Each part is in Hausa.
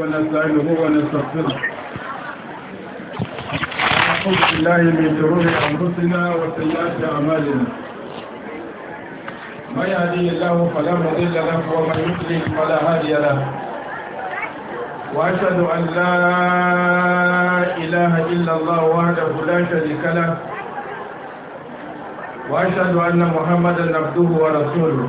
ونستعينه ونستغفره نعوذ بالله من شرور انفسنا وسيئات اعمالنا من يهدي الله فلا مضل له ومن يضلل فلا هادي له واشهد ان لا اله الا الله وحده لا شريك له واشهد ان محمدا عبده ورسوله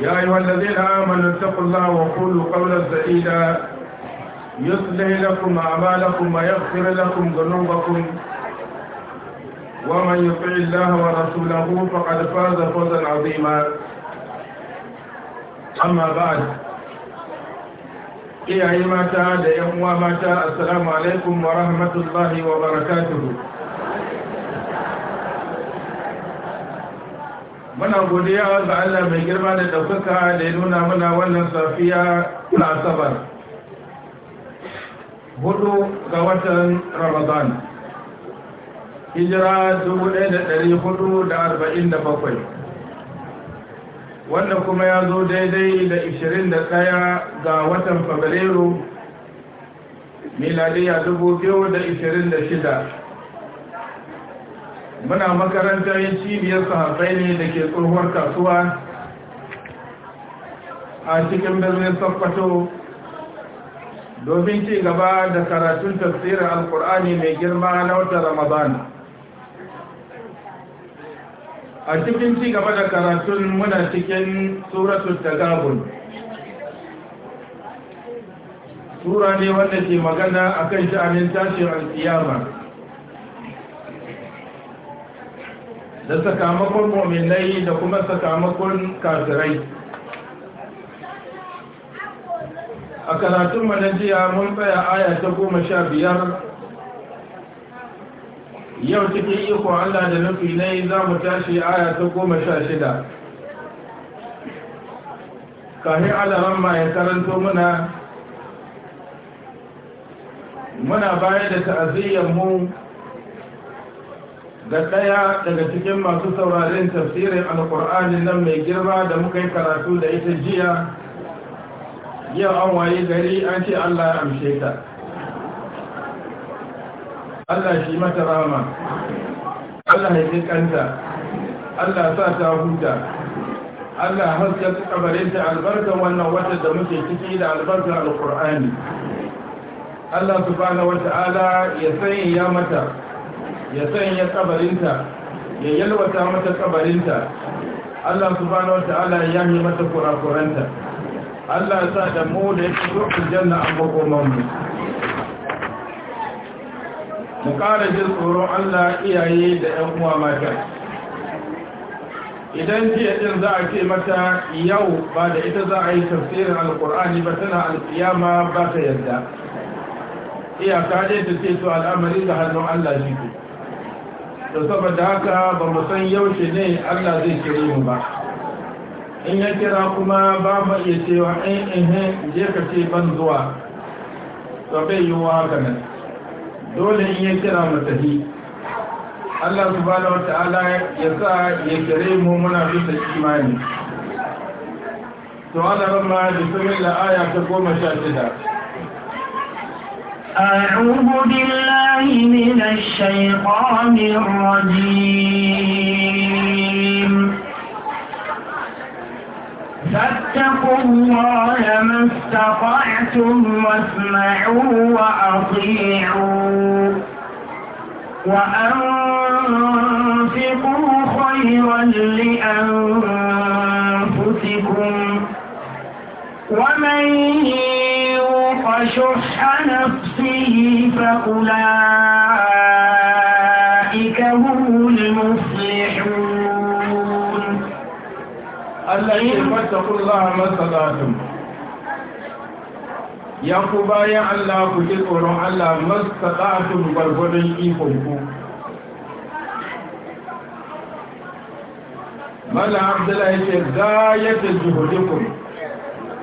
يا أيها الذين آمنوا اتقوا الله وقولوا قولا سديدا يصلح لكم أعمالكم ويغفر لكم ذنوبكم ومن يطع الله ورسوله فقد فاز فوزا عظيما أما بعد يا إيه أيها السلام عليكم ورحمة الله وبركاته muna godiya ga Allah mai girma da ɗaukaka da ya nuna muna wannan safiya na asabar hudu ga watan ramadan hijira 1447 wanda kuma ya zo daidai da 21 ga watan fabrairu miladiya 2026 muna makarantar cibiyar sahafai ne da ke tsohuwar kasuwa a cikin birnin sakwato domin ci gaba da karatun tafsirin alkur'ani mai girma na wata ramadana a cikin ci gaba da karatun muna cikin suratul tagabun sura ne wanda ke magana a akan sha'anin tashin alkiyama da sakamakon muminai da kuma sakamakon kafirai a karatun manajiya mun tsaya aya ta goma sha biyar yau cikin iko allah da nufi yi za mu tashi aya ta goma sha shida kahin alaman mayan karanto muna muna bayar da ta'aziyyar mu ga ɗaya daga cikin masu sauraren tafsirin alkur'ani nan mai girma da muka yi karatu da ita jiya yau an waye gari an ce allah ya amshe ta allah shi mata rama allah ya kanta allah sa ta huta allah haska kabarinta albarkan wannan wata da muke ciki da albarkar alkur'ani allah subhanahu ta'ala ya sanya mata ya sanya kabarinta ya yalwata mata kabarinta Allah subhanahu wata'ala ya yi mata kurakuranta Allah sa da mu da yake rufin janna an makoman mu mu ƙara jin tsoron Allah iyaye da ƴan uwa mata idan jiya din za a ce mata yau ba da ita za a yi tafsirin alkur'ani ba tana alkiyama ba ta yadda. iyaka dai ta ce to al'amari da hannun Allah shi da saboda haka ba mu san yaushe ne Allah zai kire mu ba in ya kira kuma ba mu iya cewa in eh, in eh, eh, je ka ce ban zuwa to bai yi wa haka nan dole in ya kira mu tafi Allah subhanahu wata'ala ya sa ya kire mu muna ta imani to ana ramma da aya ta goma sha shida أعوذ بالله من الشيطان الرجيم فاتقوا الله ما استطعتم واسمعوا وأطيعوا وأنفقوا خيرا لأنفسكم ومن وشح نفسه فأولئك هم المفلحون الذين فاتقوا الله ما صلاتهم يا قبا يا الله كتير الله ما استطعتم بربرين إيكم ملا عبد الله يقول غاية جهودكم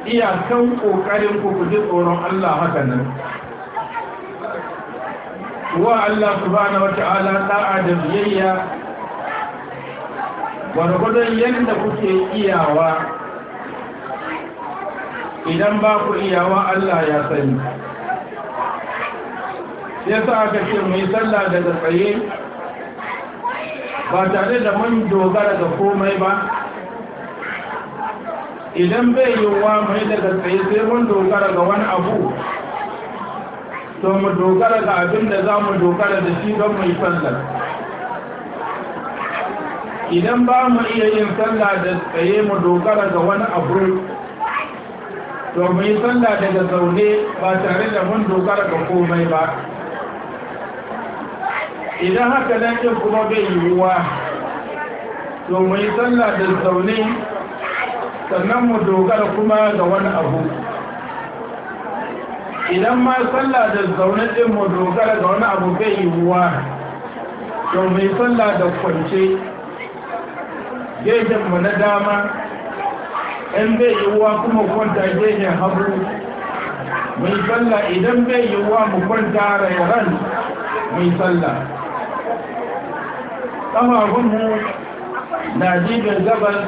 iyakan ƙoƙarin ku ku ji tsoron Allah haka nan wa Allah subhanahu wa ta'ala da'a da biyayya gwargwadon yadda kuke iyawa idan ba ku iyawa Allah ya sani ya sa aka ce mai sallah daga tsaye ba tare da mun dogara ga komai ba idan bai yiwuwa mai daga tsaye sai mun dogara ga wani abu to mu dogara ga abin da za mu dogara da shi don mai sallar idan ba mu iya yin sallah da tsaye mu dogara ga wani abu to mu yi sallar daga zaune ba tare da mun dogara ga komai ba idan haka nan kuma bai yiwuwa to mu yi sallah da zaune sannan mu dogara kuma ga wani abu idan ma sallah da zaune mu dogara ga wani abu bai yiwuwa don mai sallah da kwance gejinmu na dama in bai yiwuwa kuma kwanta gejin hagu mai idan bai yiwuwa mu kwanta rayaran mai sallah ƙafafunmu na jibin gabas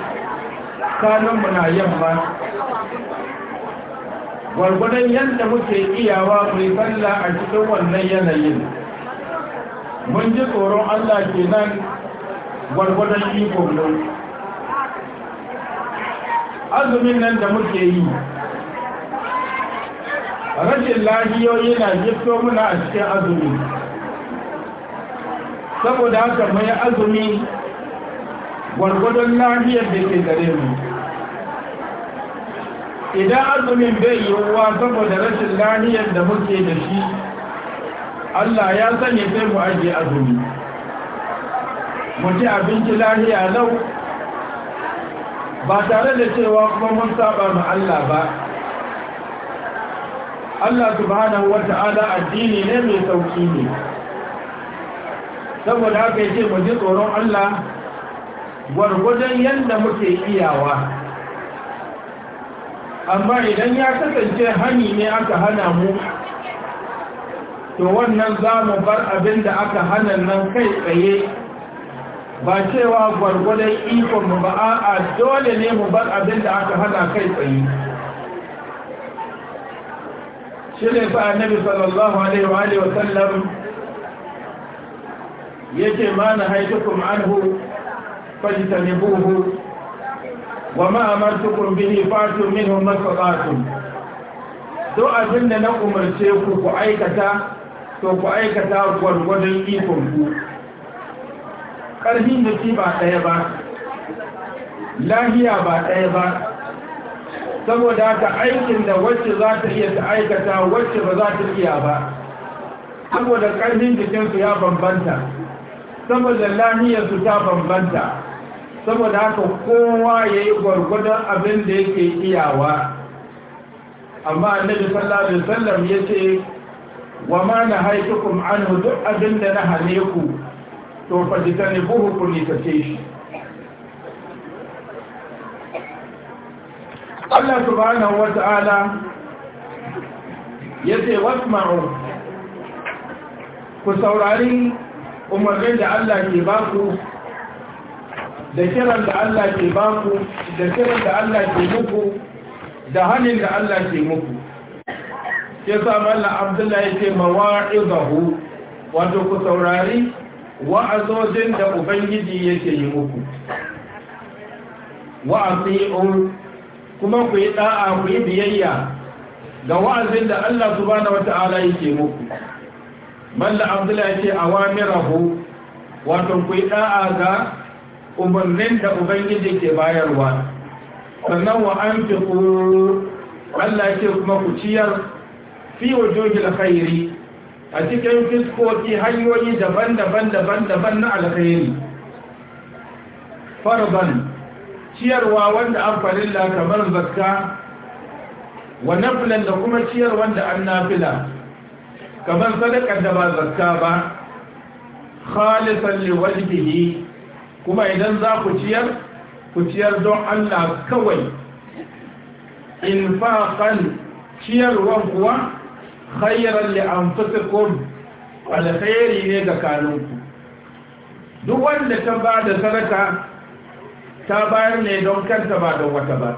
kanunmu na yamma gwargwadon yadda muke iyawa mai kalla a cikin wannan yanayin mun ji tsoron allah ke nan gwargwadon ikon mu azumin nan da muke yi rashin lahiyoyi na jifto muna a cikin azumi saboda haka mai azumi gwargwadon lahiyar da ke gare mu idan azumin bai yi yiwuwa saboda rashin lahiyar da muke da shi Allah ya sanya sai mu ajiye azumi mu ci abinci lahiya lau ba tare da cewa kuma mun saba ma Allah ba Allah subhanahu wata'ala addini ne mai sauki ne saboda haka yake mu tsoron Allah gwargwadon yadda muke iyawa amma idan ya kasance hani ne aka hana mu to wannan za mu bar abin da aka hana nan kai tsaye ba cewa gwargwadon ikon mu ba a dole ne mu bar abin da aka hana kai tsaye shi ne fa annabi sallallahu alaihi wa sallam yake ma na haitukum anhu fajtanibuhu Wa أمرتكم به فاتوا منه ما استطعتم دو na umarce ku ku aikata to ku aikata gwargwadon ikon ku ƙarfin da ci ba ɗaya ba lahiya ba ɗaya ba saboda haka aikin da wacce za ta iya ta aikata wacce ba za ta iya ba saboda ƙarfin jikinsu ya bambanta saboda lahiyarsu ta bambanta saboda haka kowa ya yi gwargwadon abin da yake iyawa amma annabi sallallahu alaihi wasallam ya ce wa ma na haikukum an duk abin da na hane ku to fa jitani buhu ku nisace shi Allah subhanahu wa ta'ala ya ce wasma'u ku saurari umarni da Allah ke baku da kiran da Allah ke baku da kiran da Allah ke muku da hannun da Allah ke muku ke sa Allah Abdullahi ke mawa'izahu wato ku saurari wa'azojin da Ubangiji yake yi muku wa'azi'un kuma ku yi ɗa'a ku yi biyayya ga wa'azin da Allah subhanahu wata'ala yake muku malla Abdullahi ke awamirahu wato ku yi ɗa'a ga umarnin da ubangiji ke bayarwa sannan wa an fi Allah ce kuma ku ciyar fi wujuhil khairi a cikin fiskoki hanyoyi daban-daban daban-daban na alkhairi farban ciyarwa wanda an farilla kamar zakka wa nafilan da kuma ciyar wanda an nafila kamar sadakar da ba zakka ba khalisan liwajhihi kuma idan za ku ciyar ku ciyar don Allah kawai infaqan ciyarwan kuwa khayran li anfusikum khayri ne ga kanunku duk wanda ta ba da sadaka ta bayar ne don kanta ba don wata ba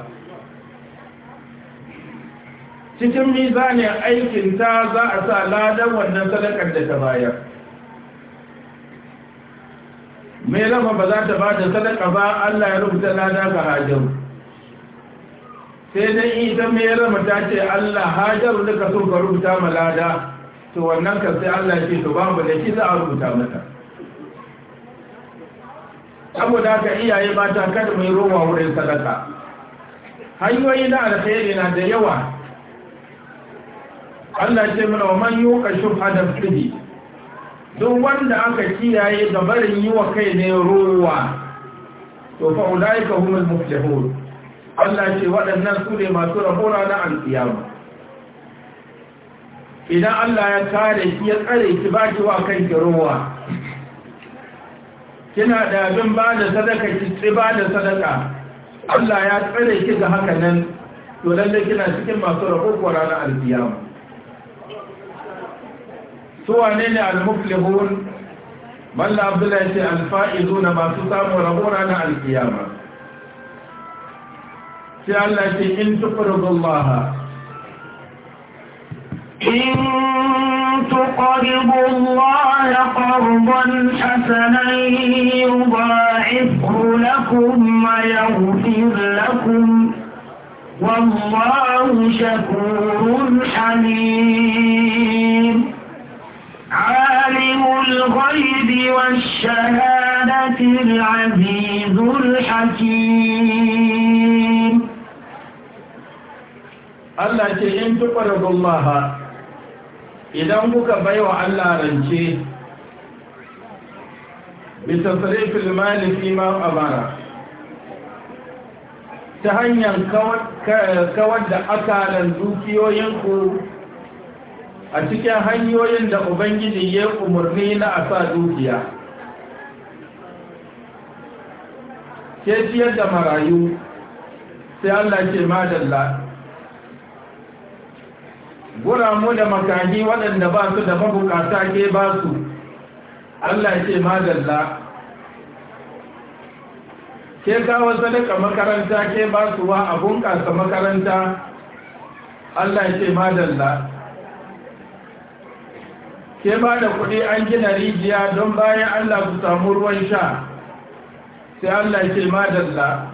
cikin mizanin ta za a sa ladan wannan sadakar da ta bayar mai rama ba za ta ba da sadaka ba Allah ya rubuta lada ga hajar? sai dai ita mai rama ta ce Allah hajar da ka so ka rubuta ma lada to wannan ka sai Allah ya ce to babu da shi za a rubuta mata saboda ka iyaye ta kada mai roma wurin sadaka hanyoyi na alkhairi na da yawa Allah ce mana wa man yuka shubha da duk wanda aka kiyaye da barin yi wa kai ne ruwa to fa ulaika humul muflihun Allah ce waɗannan su ne masu rabona na alƙiyama idan Allah ya kare ki ya tsare ki ba ki wa kan kanki ruwa kina da abin ba da sadaka ki ci ba da sadaka Allah ya tsare ki ga haka nan to lalle kina cikin masu rabo na ranar alƙiyama su wane ne al-muflihun malla abdullahi ce alfa'izuna masu samun rabo ranar alkiyama sai Allah ce in tuqridullaha إن تقرضوا الله قرضا حسنا يضاعفه لكم ويغفر لكم والله شكور حليم الغيب والشهادة العزيز الحكيم الله تعين تقرب الله إذا أمك بيوع الله رنجي بتصريف المال فيما أمانا تهنيا كود كود أكالا زوكيو ينقو a cikin hanyoyin da ubangiji ya umarni na a sa dukiya Ke ciyar da marayu sai allah ke madalla guramu da makaji waɗanda ba su da mabukata ke ba su allah ke madalla ke kawo sadaka makaranta ke ba su wa a bunƙasa makaranta allah ke madalla Sai ba da kuɗi an gina rijiya don bayan Allah ku samu ruwan sha sai Allah ce madalla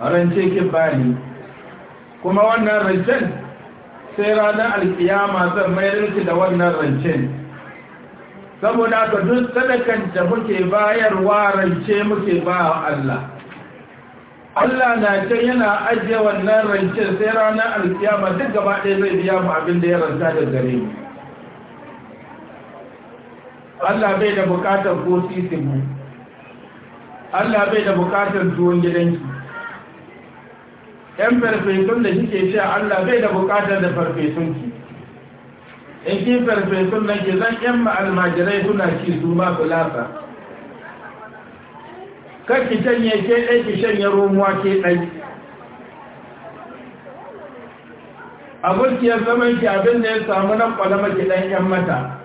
rance ki bani kuma wannan rancen sai ranar alkiyama zan mayar da wannan rancen saboda ka duk sadakan da muke bayarwa rance muke ba wa Allah Allah na can yana ajiye wannan rancen sai ranar alkiyama duk gaba ɗaya zai biya mu abin da ya ranta da gare mu Allah bai da bukatar ko sisinmu Allah bai da bukatar tuwon gidanki ‘yan farfesun da kike ce Allah bai da bukatar da farfesunki in ki farfesun nan ke zan ‘yan ma'almajirai suna ci su ma Kar ki canye ke ɗai ki shanye romuwa ke ɗai abokiyar zaman ki abin da ya samu nan ƙwalama ki ɗan ‘yan mata’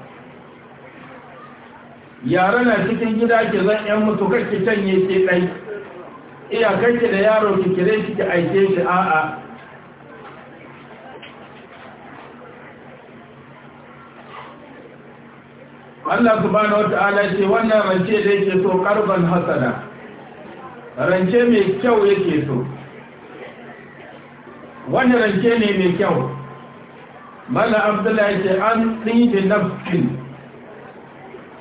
yare na cikin gida ke zan yan mutu kake canye ke ɗai iyakanki da yaro ki kire shi ki aike shi a'a Allah subhanahu Ta'ala ce wannan rance da yake so karban hasada rance mai kyau yake so wannan rance ne mai kyau mala abdullahi ce an ɗin nafsin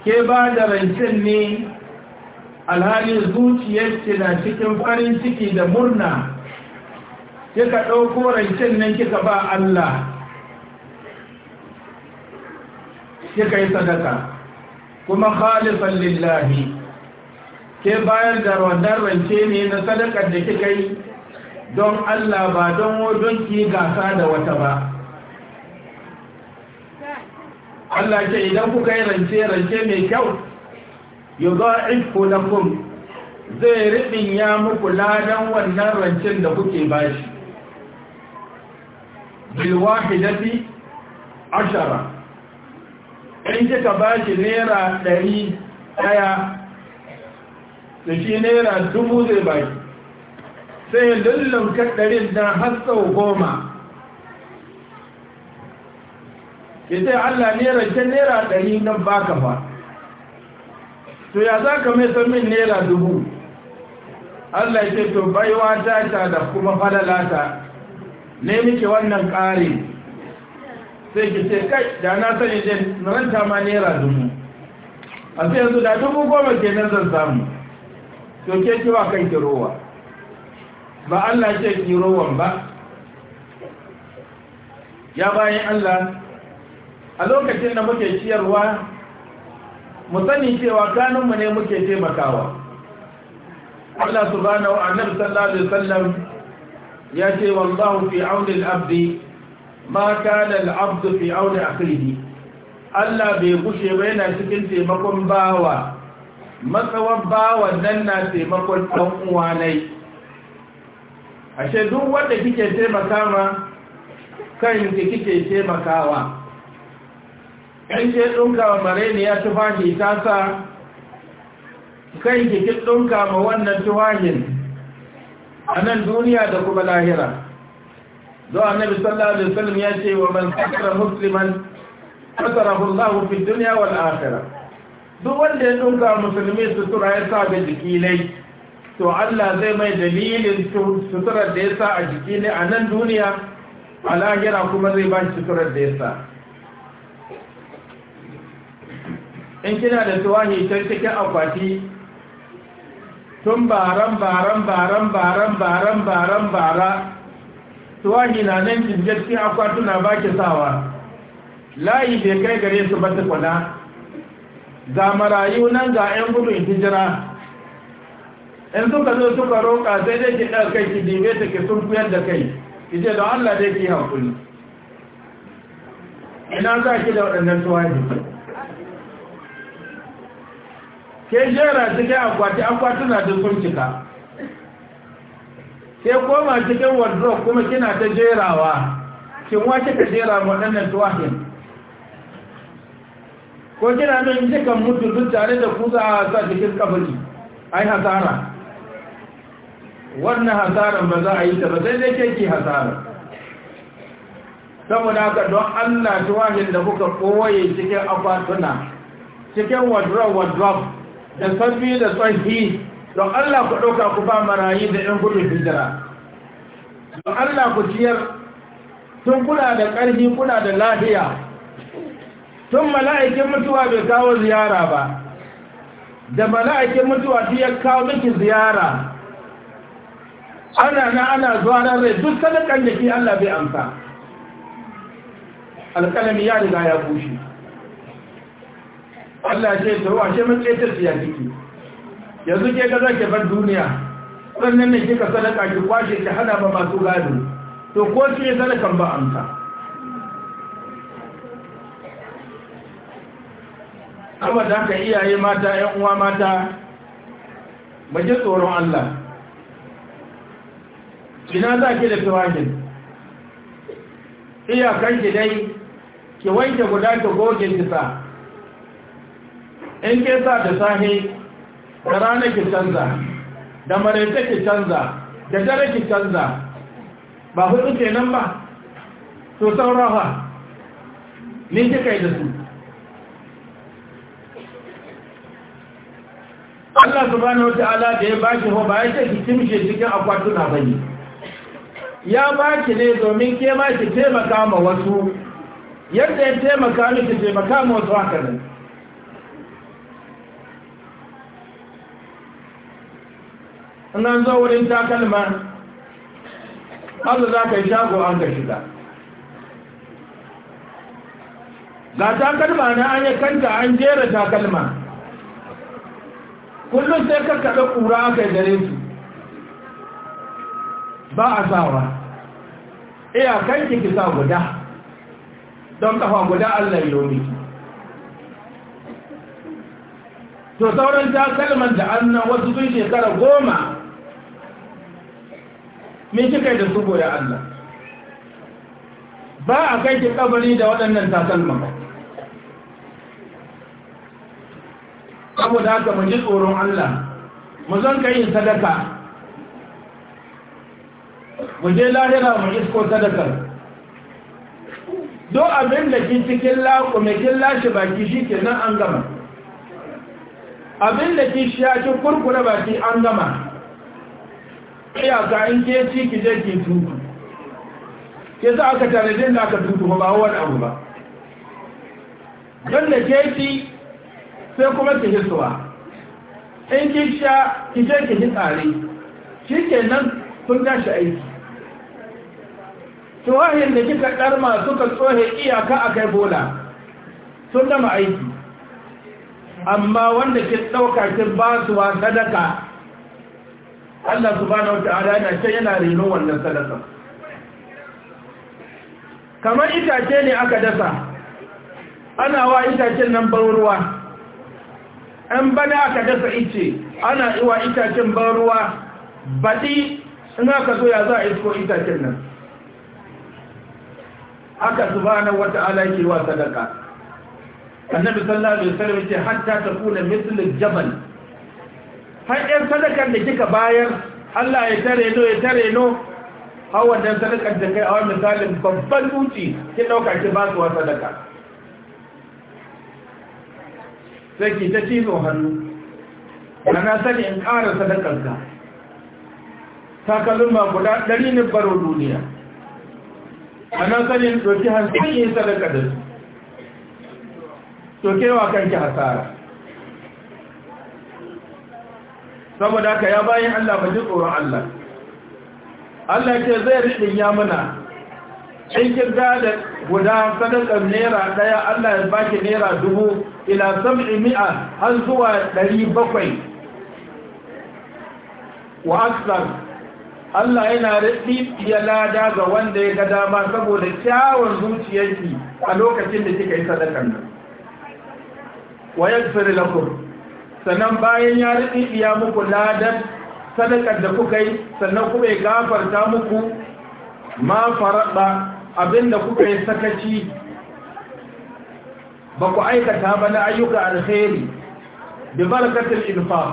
ke ba da rancen ne alhali zuciyarki na cikin farin ciki da murna kika ɗauko rancen nan kika ba Allah kika yi sadaka kuma khalifan lillahi ke bayar da wannan rance ne na sadakar da kika yi don Allah ba don wajen ki gasa da wata ba Allah ce idan kuka yi rance rance mai kyau na kun zai ribin ya muku ladan wannan rancen da kuke bashi bil dafi ashara in kika bashi naira ɗari ɗaya da shi naira dubu zai shi sai lullum kaɗarin na har sau goma ya ce Allah ne rancen nera ɗari na baka fa to ya za ka mai san min nera dubu Allah ya ce to baiwa ta ta da kuma falalata ne muke wannan ƙari sai ki ce kai da na sani je ranta ma nera dubu a sai yanzu da dubu goma ke nan zan samu to ke kiwa kan kirowa ba Allah ce kirowan ba ya bayan Allah a lokacin da muke ciyarwa mu sani cewa kanunmu ne muke taimakawa Allah subhanahu wa ta'ala sallallahu alaihi wasallam ya ce wallahu fi auni al-abdi ma kana al-abdu fi auni akhihi Allah bai gushe ba yana cikin taimakon bawa matsawar bawa nan na taimakon dan uwa nai ashe duk wanda kike taimakawa kan kike taimakawa ɗan je dunka wa maraini ya tufahi ta sa kai ki dunka ma wannan tufahin a nan duniya da kuma lahira do annabi sallallahu alaihi wasallam ya ce wa man kafara musliman kasarahu Allah fi dunya wal akhirah duk wanda ya ɗunka musulmi sutura ya sa ga jiki ne to Allah zai mai dalilin sutura da ya sa a jiki ne a nan duniya a lahira kuma zai ba shi suturar da ya sa in kina da tuwahi can cikin akwati tun baran baran baran baran baran baran bara tuwahi na nan jirgin cikin akwatuna ba ki sawa layi bai kai gare su ba kwana. ga marayu nan ga 'yan gudun hijira in suka zo suka roƙa sai dai ki ɗan kai ki dibe ta ki sunkuyar da kai ki ce don Allah dai ki haƙuri ina za ki da waɗannan tuwahi ke jera cikin akwati akwati na sun kuncika. ke koma cikin wardrobe kuma kina ta jerawa kin wace ka jera waɗannan tuwahin ko kina nan cikin mutu duk tare da ku za a sa cikin kabari ai hasara wannan hasaran ba za a yi ta ba sai dai ke ki hasara saboda haka don Allah tuwahin da kuka koye cikin akwatuna cikin wardrobe wardrobe da sabbi da tsahi don Allah ku ɗauka ku ba marayi da ‘yan gudun hijira don Allah ku ciyar tun kuna da ƙarfi kuna da lahiya, tun mala'ikin mutuwa bai kawo ziyara ba da mala'ikin mutuwa shi ya kawo miki ziyara ana na ana zuwa na rai duk sadakan da ke Allah bai amsa alƙalami ya riga ya bushe Allah ce to ashe mun ce tafiya kike yanzu ke ga zaka bar duniya sannan ne kika sadaka ki kwashe ki hada ba masu gado to ko ki yi sadakan ba amsa amma dan ka iyaye mata ƴan uwa mata mu ji tsoron Allah ina za ki da tawahin iyakan ki dai ki wanke guda ki goge ki sa in ke sa da sahi da rana ki canza da maraita ki canza da dare ki canza ba hudu nan ba to saurawa Ni kika yi da su Allah subhanahu ta'ala da ya baki ho ba ya ce ki timshe cikin akwatuna bane ya baki ne domin ke ma ki taimaka ma wasu yadda ya taimaka miki taimaka ma wasu haka ne in an zo wurin takalma allah za yi shago an ka shiga ga takalma na an yi kanta an jera takalma kullum sai ka kaɗa ƙura aka yi gare su ba a sawa iya kan ki sa guda don kafa guda allah yomi to sauran takalman da annan wasu sun shekara goma me kika da su goya Allah ba a kai ki kabari da waɗannan takalma saboda haka mu ji tsoron Allah mu zan kai yin sadaka mu je lahira mu isko sadakar do abin da ki cikin mai kin lashe baki shi ke nan an gama abin da ki shi ya ci kurkure baki an gama ya ga in ke ci ki je ki tuku ke za aka tanadin da aka tuku ba wani abu ba don da ke ci sai kuma ki hisuwa in ki sha ki je ki tsare shi ke nan sun tashi aiki tuwahin da kika ɗarma suka tsohe iyaka a kai bola sun dama aiki amma wanda ke ɗauka ki ba su sadaka Allah subhanahu wata'ala yana ce yana reno wannan sadaka kamar itace ne aka dasa ana wa itacen nan ban ruwa an bana aka dasa ice ana iwa itacen ban ruwa baɗi suna ka zo ya za a isko itacen nan aka subhanahu wata'ala yake wa sadaka annabi sallallahu alaihi wasallam ce hatta kula mithlu jabal har ɗan sadakar da kika bayan Allah ya tare no ya tare no har wannan sadakar da kai a wannan misalin babban dutse ki ɗauka ki ba su sadaka sai ki ta cizo hannu da na sani in ƙara sadakarka takalin ba guda ɗari ne baro duniya a na sani in ɗauki hansu yin sadaka da su tokewa kanki hasara saboda ka ya bayan Allah ba ji tsoron Allah Allah ce zai riɗin ya muna in kin da guda sadakar naira ɗaya Allah ya baki naira dubu ila sab'i mi'a har zuwa ɗari bakwai wa aksar Allah yana riɗi ya lada ga wanda ya ga dama saboda kyawun zuciyarki a lokacin da kika yi sadakar nan wa yaghfir lakum sannan bayan ya riɗiɗiya muku ladan sadakar da kuka yi sannan kuma ya gafarta muku ma faraɗa abinda kuka yi sakaci ba ku aikata ba na ayyuka alheri da barakatul infaq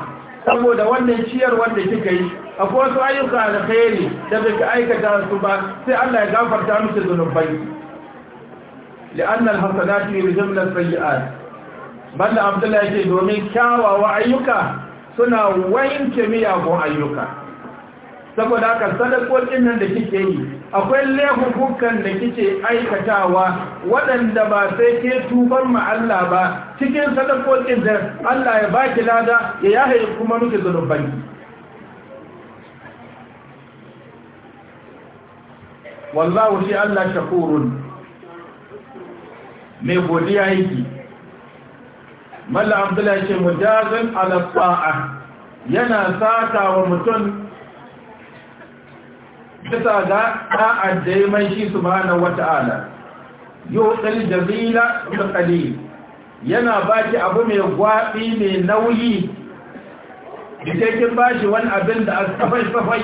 saboda wannan ciyar wanda kika yi a wasu ayyuka alheri da bai aikata su ba sai Allah ya gafarta musu zunubai li'anna al ne min jumlatil sayyi'at banda Abdullahi yake domin kyawawa ayyuka suna wanke miyagun ayyuka saboda haka sadakokin nan da kike yi akwai laifukan da kike aikatawa waɗanda ba sai ke tubar mu Allah ba cikin sadakokin da Allah ya baki lada ya yahe kuma muke zunubanki wallahu shi Allah shakurun mai godiya yake malla abdullahi ce mujazin ala sa'a yana sata wa mutum bisa ga da'ar da ya mai shi subhanahu wata'ala yuhul jazila bi qalil yana baki abu mai gwabi mai nauyi kike kin bashi wani abin da aka fai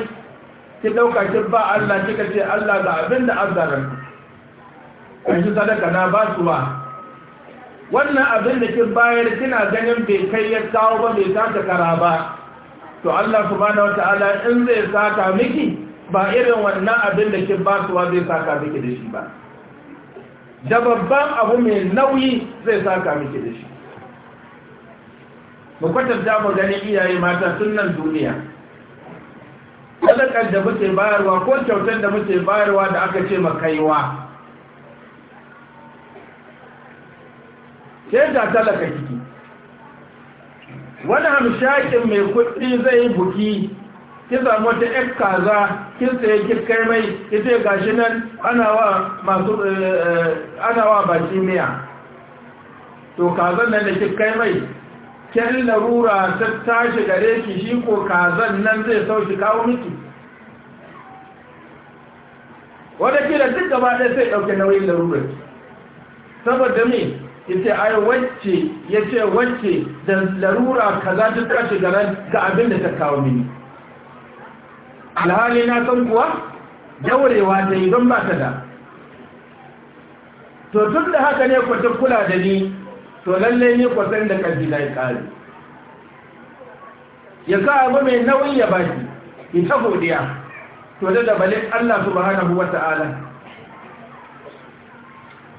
ki dauka kin ba Allah kika ce Allah ga abin da azzaran kan sadaka na basuwa wannan abin da kin bayar kina ganin bai kai ya kawo ba bai taka kara ba to Allah subhanahu wataala in zai saka miki ba irin wannan abin da kin ba suwa zai saka miki da shi ba da babban abu mai nauyi zai saka miki da shi mu kwatanta mu gani iyaye mata tun nan duniya sadakar da muke bayarwa ko kyautar da muke bayarwa da aka ce ma kaiwa. sai ta talaka kiki wani hamshakin mai kudi zai yi buki ki samu wata ƴan kaza kin saye ki kai mai ita gashi nan ana wa masu eh, eh, ana wa baki miya to kazan nan da ki kai mai kin larura ta tashi gare ki shi ko kazan nan zai sauki kawo miki wanda kila duk gaba ɗaya sai ɗauke nauyin larurar saboda me yace ai wacce yace wacce da larura kaza ta tashi ga abin da ta kawo mini alhali na san kuwa daurewa ta yi don ba ta da to tun da haka ne ku kula da ni to lalle ne ku san da kaji ya kare ya sa abu mai nauyi ya baki ita godiya to da balin Allah subhanahu wata'ala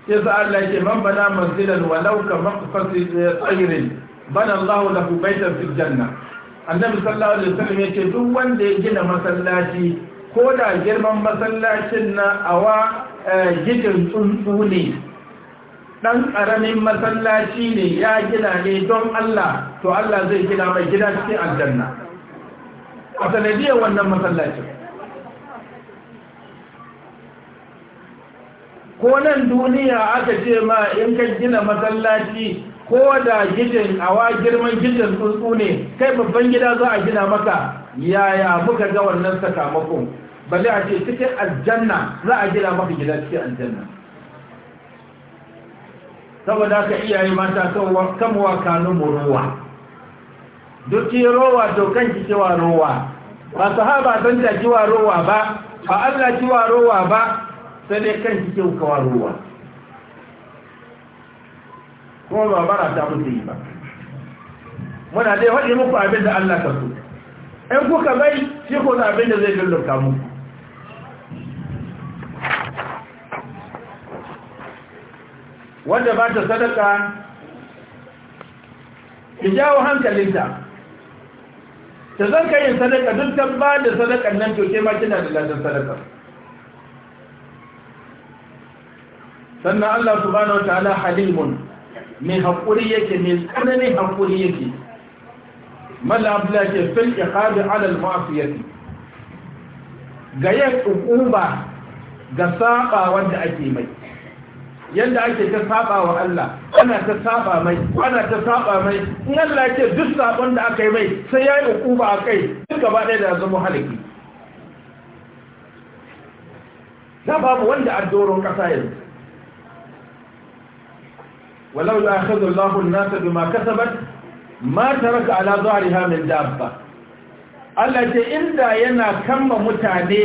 sai sa Allah ke man bana manzilan walau ka maqfasi tsairin bana Allah lahu baitan fil janna annabi sallallahu alaihi wasallam yake duk wanda ya gina masallaci ko da girman masallacin na awa eh, gidin tsuntsu ne dan karamin masallaci ne ya gina ne don Allah to Allah zai gina mai gida cikin aljanna a sanadiyar wannan masallacin ko nan duniya aka ce ma in ka gina masallaci ko da gidan awa girman gidan tsuntsu ne kai babban gida za a gina maka yaya muka ga wannan sakamakon bale a ce cikin aljanna za a gina maka gida cikin aljanna saboda ka iyaye mata kan wakanun ruwa duk rowa to kan ki cewa rowa ba sahaba don ta kiwa rowa ba ba Allah kiwa rowa ba sai dai kan cikin kawar ruwa kuma ba bara ta mutu yi ba muna dai haɗe muku abin da Allah ka so in kuka bai shi ko na abin da zai lullunka mu wanda ba ta sadaka ki jawo hankalinta ta zan kai sadaka duk ta ba da sadakan nan to ke ma kina da ladan sadaka sannan Allah subhanahu wataala halimun mai haƙuri yake mai tsananin haƙuri yake mala abdullahi ke fil iqabi ala al ma'siyati ga yin hukuma ga saba wanda ake mai yanda ake ta saba wa Allah ana ta saba mai ana ta saba mai in Allah ce duk sabon da aka yi mai sai yayi a kai, duk gaba ɗaya da zama halaki na babu wanda addoron ƙasa yanzu walau ya akhadha Allahu an-nasa bima kasabat ma taraka ala dhahriha min dabba Allah ce inda yana kamba mutane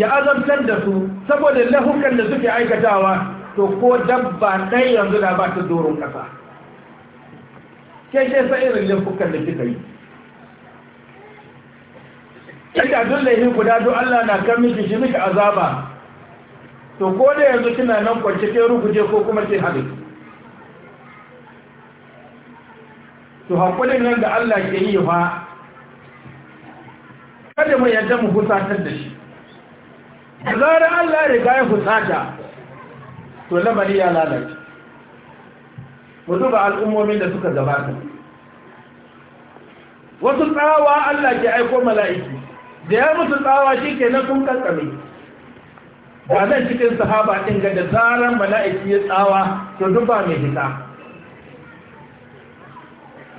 ya azabtar da su saboda lahukan da suke aikatawa to ko dabba ɗaya yanzu da ba doron ƙasa sai irin da kika yi laihin guda duk Allah na kan miki shi miki azaba to ko da yanzu kina nan kwance ke rukuje ko kuma ke haɗe to haƙurin nan da Allah ke yi fa kada mu yadda mu fusatar da shi da zarar Allah ya riga ya fusata to lamari ya lalace mu duba al'ummomin da suka gabata wasu tsawa Allah ke aiko mala'iki, da ya musu tsawa shi ke na sun kankame ba zan cikin sahaba ɗin ga da zarar mala'iki ya tsawa to duba mai hita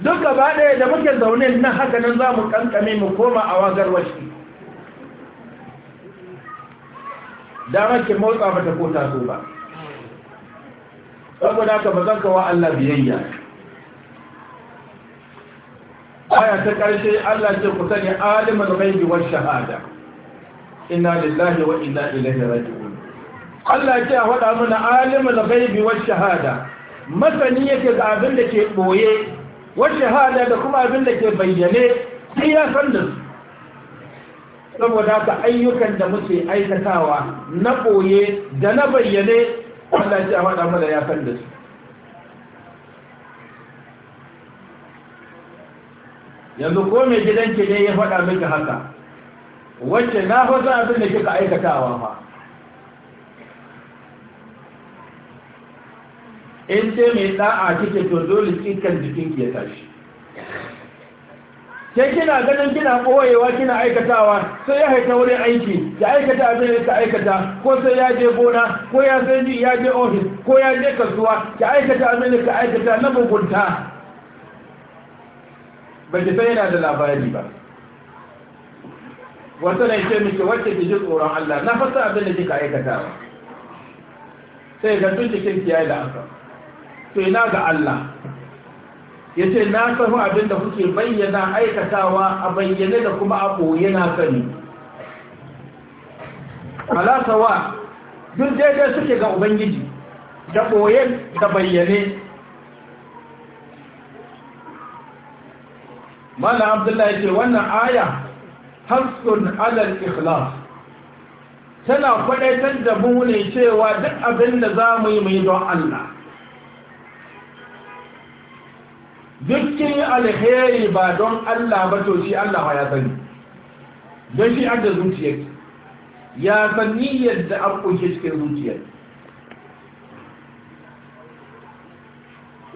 duk ba ɗaya da muke zaune nan haka nan za mu kankame mu koma a wagar washi damar ke motsa mata ko taso ba saboda ka bazan kawo Allah biyayya aya ta ƙarshe Allah ce ku sani alimul ghaibi wash shahada inna lillahi wa inna ilaihi raji'un Allah ce a faɗa mana alimul ghaibi wash shahada masani yake ga abin da ke boye wace hada da kuma abin da ke bayyane sai ya san da su saboda ka ayyukan da muke aikatawa na ɓoye da na bayyane Allah ce a faɗa mana ya san da su yanzu ko mai gidanki ne ya faɗa miki haka wacce na fasa abin da kika aikatawa fa in ce mai da'a kike to dole tsikan jikin ki ya tashi Ke kina ganin kina koyewa kina aikatawa sai ya haita wurin aiki ya aikata abin da aikata ko sai ya je gona ko ya sai ji ya je ofis ko ya je kasuwa ya aikata abin da aikata na mugunta ba ki sai yana da labari ba wata ne ce miki wacce ki ji tsoron Allah na fasa abin da kika aikatawa sai ga tun cikin ki da aka to ina ga Allah ya ce na sahu abinda kuke bayyana aikatawa a bayyane da kuma a ɓoye na sani alasawa duk daidai suke ga ubangiji da ɓoye da bayyane mana abdullahi ce wannan aya haskun alal ikhlas tana kwadaitar da mu ne cewa duk abinda da za mu yi mai don Allah dukkin alheri ba don Allah ba to shi Allah ya sani shi ya san niyyar da an kunshi cikin zuciyar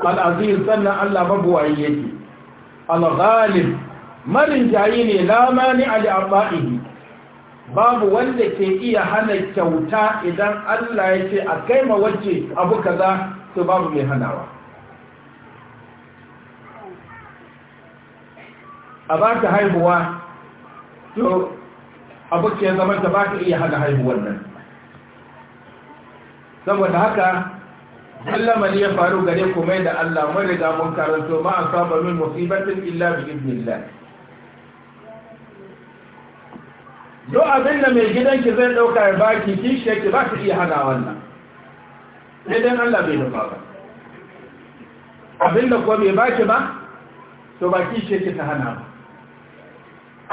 al'azir sannan Allah mabuwayi yake al-ghalib marin jayi ne lamani ali abba'ihi babu wanda ke iya hana kyauta idan Allah ya ce a kaima wacce abu kaza to babu mai hanawa a ba ta haihuwa to abokiyar zaman ta ba ta iya hana haihuwar nan saboda haka allamani ya faru gare ku mai da Allah mun riga mun karanto ma asaba min musibatin illa bi idnillah do abin da mai gidanki zai dauka ya baki kishi yake ba ta iya hana wannan sai dan Allah bai nufa ba abin da kuma mai baki ba to ba kishi yake ta hana ba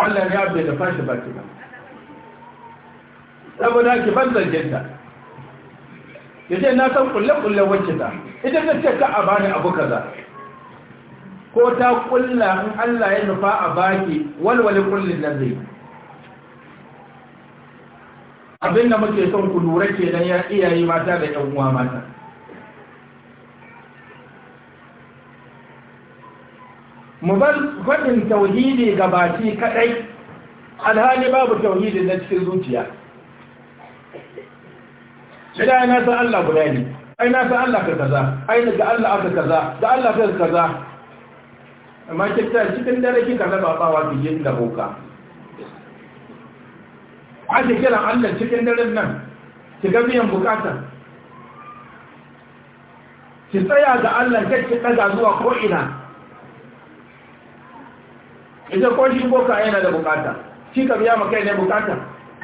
Allah ya bai da fashi baki ba saboda ki ban ta ya ce na san kulle-kulle wacce ta ita ta ce ta a bani abu kaza ko ta kulla in Allah ya nufa a baki walwale kullin nan zai abinda muke son ku lura kenan ya iyaye mata da yan uwa mata mu bar faɗin tauhidi ga baki kaɗai alhali babu tauhidi na cikin zuciya idan na san Allah guda ne ai na san Allah ka kaza ai da Allah aka kaza ga Allah ka kaza amma kitta cikin dare kika ga babawa ki yin da boka ake kiran Allah cikin dare nan ki ga biyan bukata ki tsaya ga Allah kake daga zuwa ko ina ita ko shi boka yana da bukata shi ka biya maka ne bukata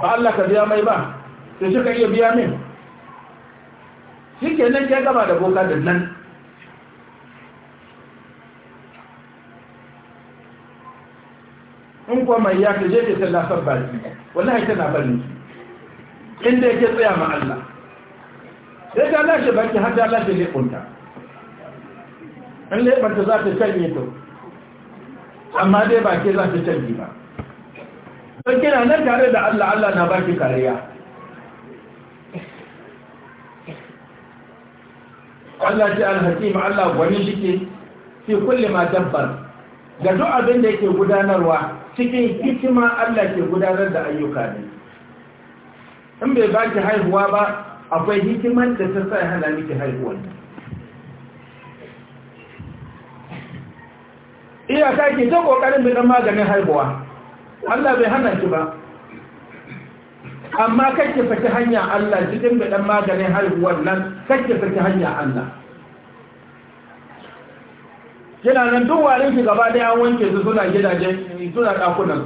ba Allah ka biya mai ba sai shi ka iya biya min shi ke nan ke gama da boka da nan in kuwa mai ya ka je ke tallafar baki wani tana barin ki inda yake tsaya ma Allah sai ta lashe baki har ta lashe leɓunta in lebanta za ta canye to amma dai ba ke za canji ba don kina nan tare da Allah Allah na baki kariya Allah ce al-hakim Allah gwani shike fi kulle ma dabbar ga duk abin da yake gudanarwa cikin hikima Allah ke gudanar da ayyuka ne in bai baki haihuwa ba akwai hikimar da ta sa ya hana miki haihuwa ne iyaka ke ta kokarin bi dan maganin haihuwa Allah bai hana ki ba amma kake saki hanya Allah cikin bi dan maganin haihuwar nan kake saki hanya Allah kina nan duk warin ki gaba da an wanke su suna gidajen suna dakunan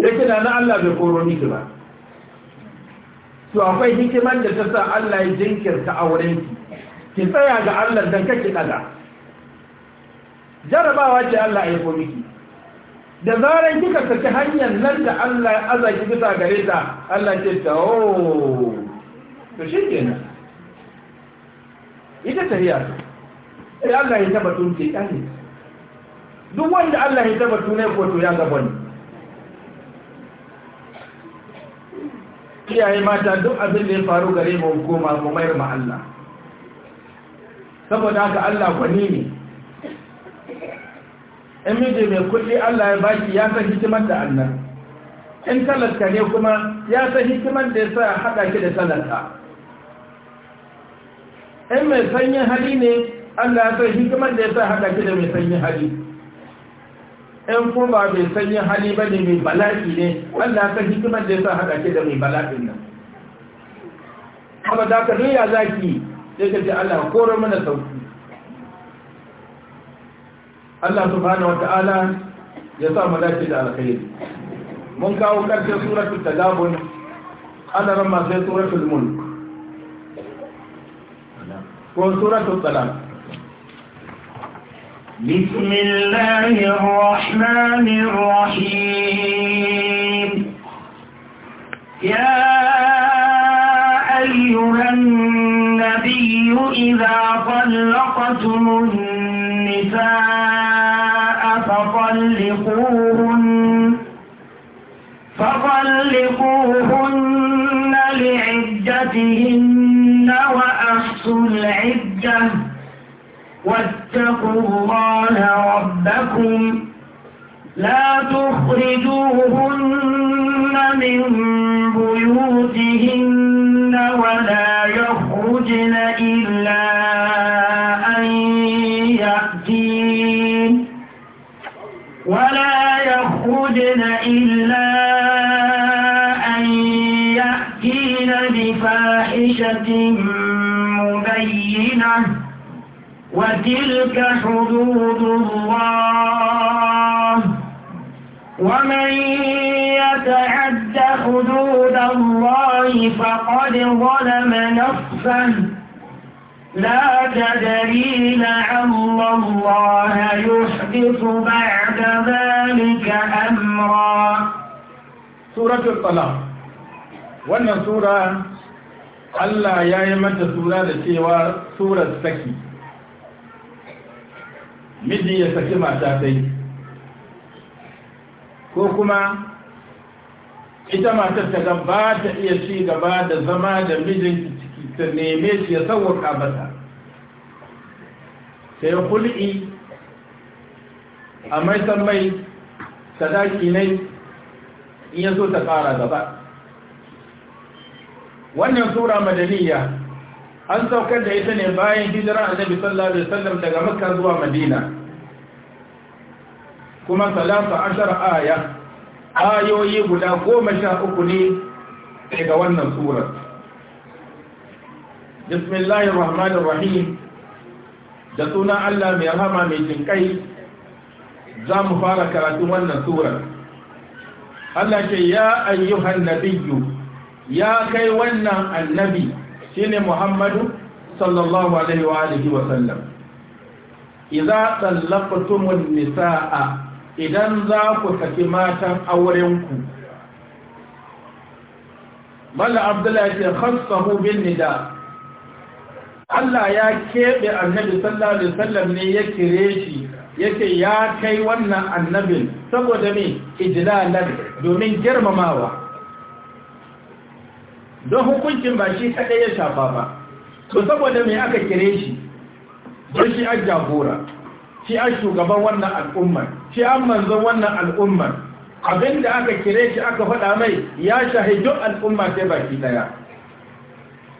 su yake da na Allah bai koro miki ba to akwai hikimar da ta sa Allah ya jinkirta aurenki ki tsaya ga Allah dan kake daga jarabawa ce Allah ya miki da zarar kika saki hanyar nan da Allah ya aza ki bisa gare ta Allah ce ta o oh. to shi kenan ita riya sai Allah ya taba tun ke duk wanda Allah ya taba tunai ko to ya gaba ne iyaye mata duk abin da ya faru gare mu koma mu mayar ma Allah saboda haka Allah gwani ne in miji mai kuɗi Allah ya baki ya san hikimar da annan in talaka ne kuma ya san hikimar da ya sa haɗa ki da talaka in mai sanyin hali ne Allah ya san hikimar da ya sa haɗa ki da mai sanyin hali in kuma ba mai sanyin hali ba ne mai bala'i ne Allah ya san hikimar da ya sa haɗa ki da mai bala'in nan kuma za ka ya zaki sai ka ji Allah ran mana sauki Allah subhanahu wata'ala ya sa mu dace da alkhairi mun kawo karshen suratul tagabun ana ran ma sai suratul mulk ko suratul talaq بسم الله الرحمن الرحيم يا أيها النبي إذا طلقتم النساء فطلقوهن فطلقوهن لعدتهن وأحصوا العدة واتقوا الله ربكم لا تخرجوهن من بيوتهن ولا يخرجن إلا ولا يخرجن إلا أن يأتين بفاحشة مبينة وتلك حدود الله ومن يتعد حدود الله فقد ظلم نفسه لا تدري لعل الله يحدث بعد ذلك أمرا سورة الطلاق wannan sura Allah ya yi mata sura da cewa surar saki miji ya saki mata ko kuma ita matar ta ta iya ci gaba da zama da mijin ta neme shi ya sauwaka mata sai hul'i a mai san mai sadaki ne in ya so ta ƙara gaba wannan sura madaniya an saukar da ita ne bayan hijira a nabi sallallahu alaihi wasallam daga makka zuwa madina kuma salasa ashar aya ayoyi guda goma sha uku ne daga wannan surar bismillahir rahmanir rahim da sunan Allah mai rahama mai jinkai za mu fara karatun wannan surar Allah ce ya ayyuhan nabiyyu ya kai wannan annabi shine Muhammadu sallallahu alaihi wa alihi wa sallam idza nisaa idan za ku saki matan aurenku mala abdullahi ce khassahu bin nida Allah ya keɓe annabi sallallahu alaihi wasallam ne ya kire shi yake ya kai wannan annabin saboda me ijlalan domin girmamawa don hukuncin ba shi kaɗai ya shafa ba to saboda me aka kire shi don shi an jagora shi an shugaban wannan al'ummar shi an manzon wannan al'ummar abinda aka kire shi aka faɗa mai ya shahi duk al'umma sai baki ɗaya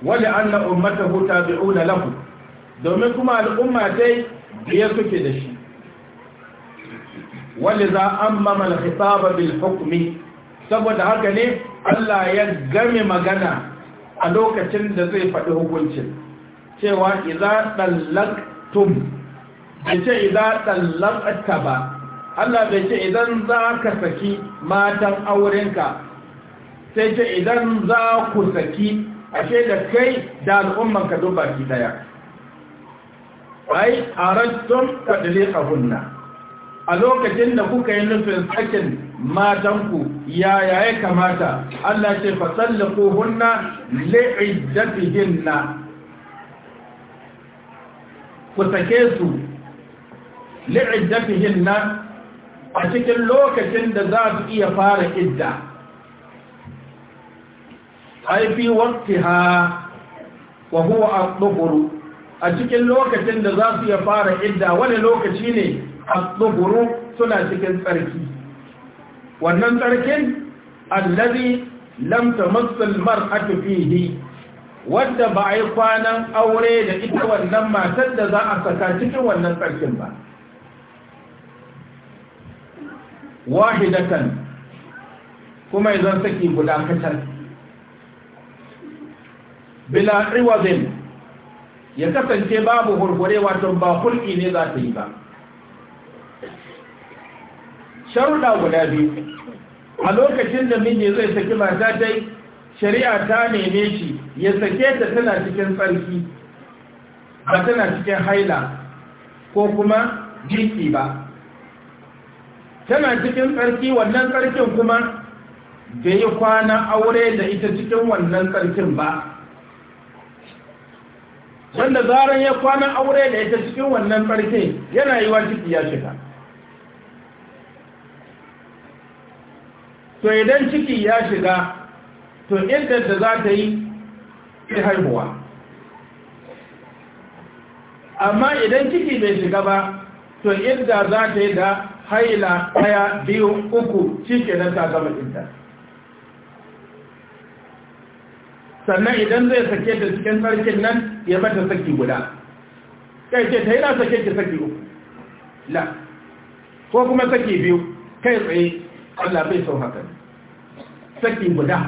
wanda anna ummatahu tabi'una lahu domin kuma al'umma dai biye suke da shi Wali za a al-hisaba bil hukmi saboda haka ne Allah ya game magana a lokacin da zai faɗi hukuncin cewa idza dallaqtum ce idza dallaqta ba Allah bai ce idan za ka saki matan aurenka sai ce idan za ku saki ashe da kai da al'umman ka duba baki daya ai arattum tadliqahunna a lokacin da kuka yi nufin sakin matanku yaya ya kamata Allah ce fa li'iddatihinna ku sake su li'iddatihinna a cikin lokacin da za su iya fara idda ai fi waqtiha wa huwa a tuhur a cikin lokacin da za su ya fara idda wani lokaci ne a tuhur suna cikin tsarki wannan tsarkin allazi lamta tamassu al-mar'atu fihi wanda ba a yi kwanan aure da ita wannan matar da za a saka cikin wannan tsarkin ba wahidatan kuma idan saki guda kacal bila riwazin ya kasance babu hurhure wato ba hulki ne za ta yi ba sharuɗa guda biyu a lokacin da miji zai saki mata ta yi shari'a ta neme shi ya sake ta tana cikin tsarki ba tana cikin haila ko kuma jiki ba tana cikin tsarki wannan tsarkin kuma da yi kwana aure da ita cikin wannan tsarkin ba wanda zaran ya kwana aure da ita cikin wannan barke yana yi wajibi ciki ya shiga to idan ciki ya shiga to inda da za ta yi ta haihuwa amma idan ciki bai shiga ba to inda za ta yi da haila daya biyu uku cike na ta gama inda sannan idan zai sake da cikin sarkin nan ya mata saki guda kai ce ta yi na sake ki saki uku la ko kuma saki biyu kai tsaye Allah bai son haka saki guda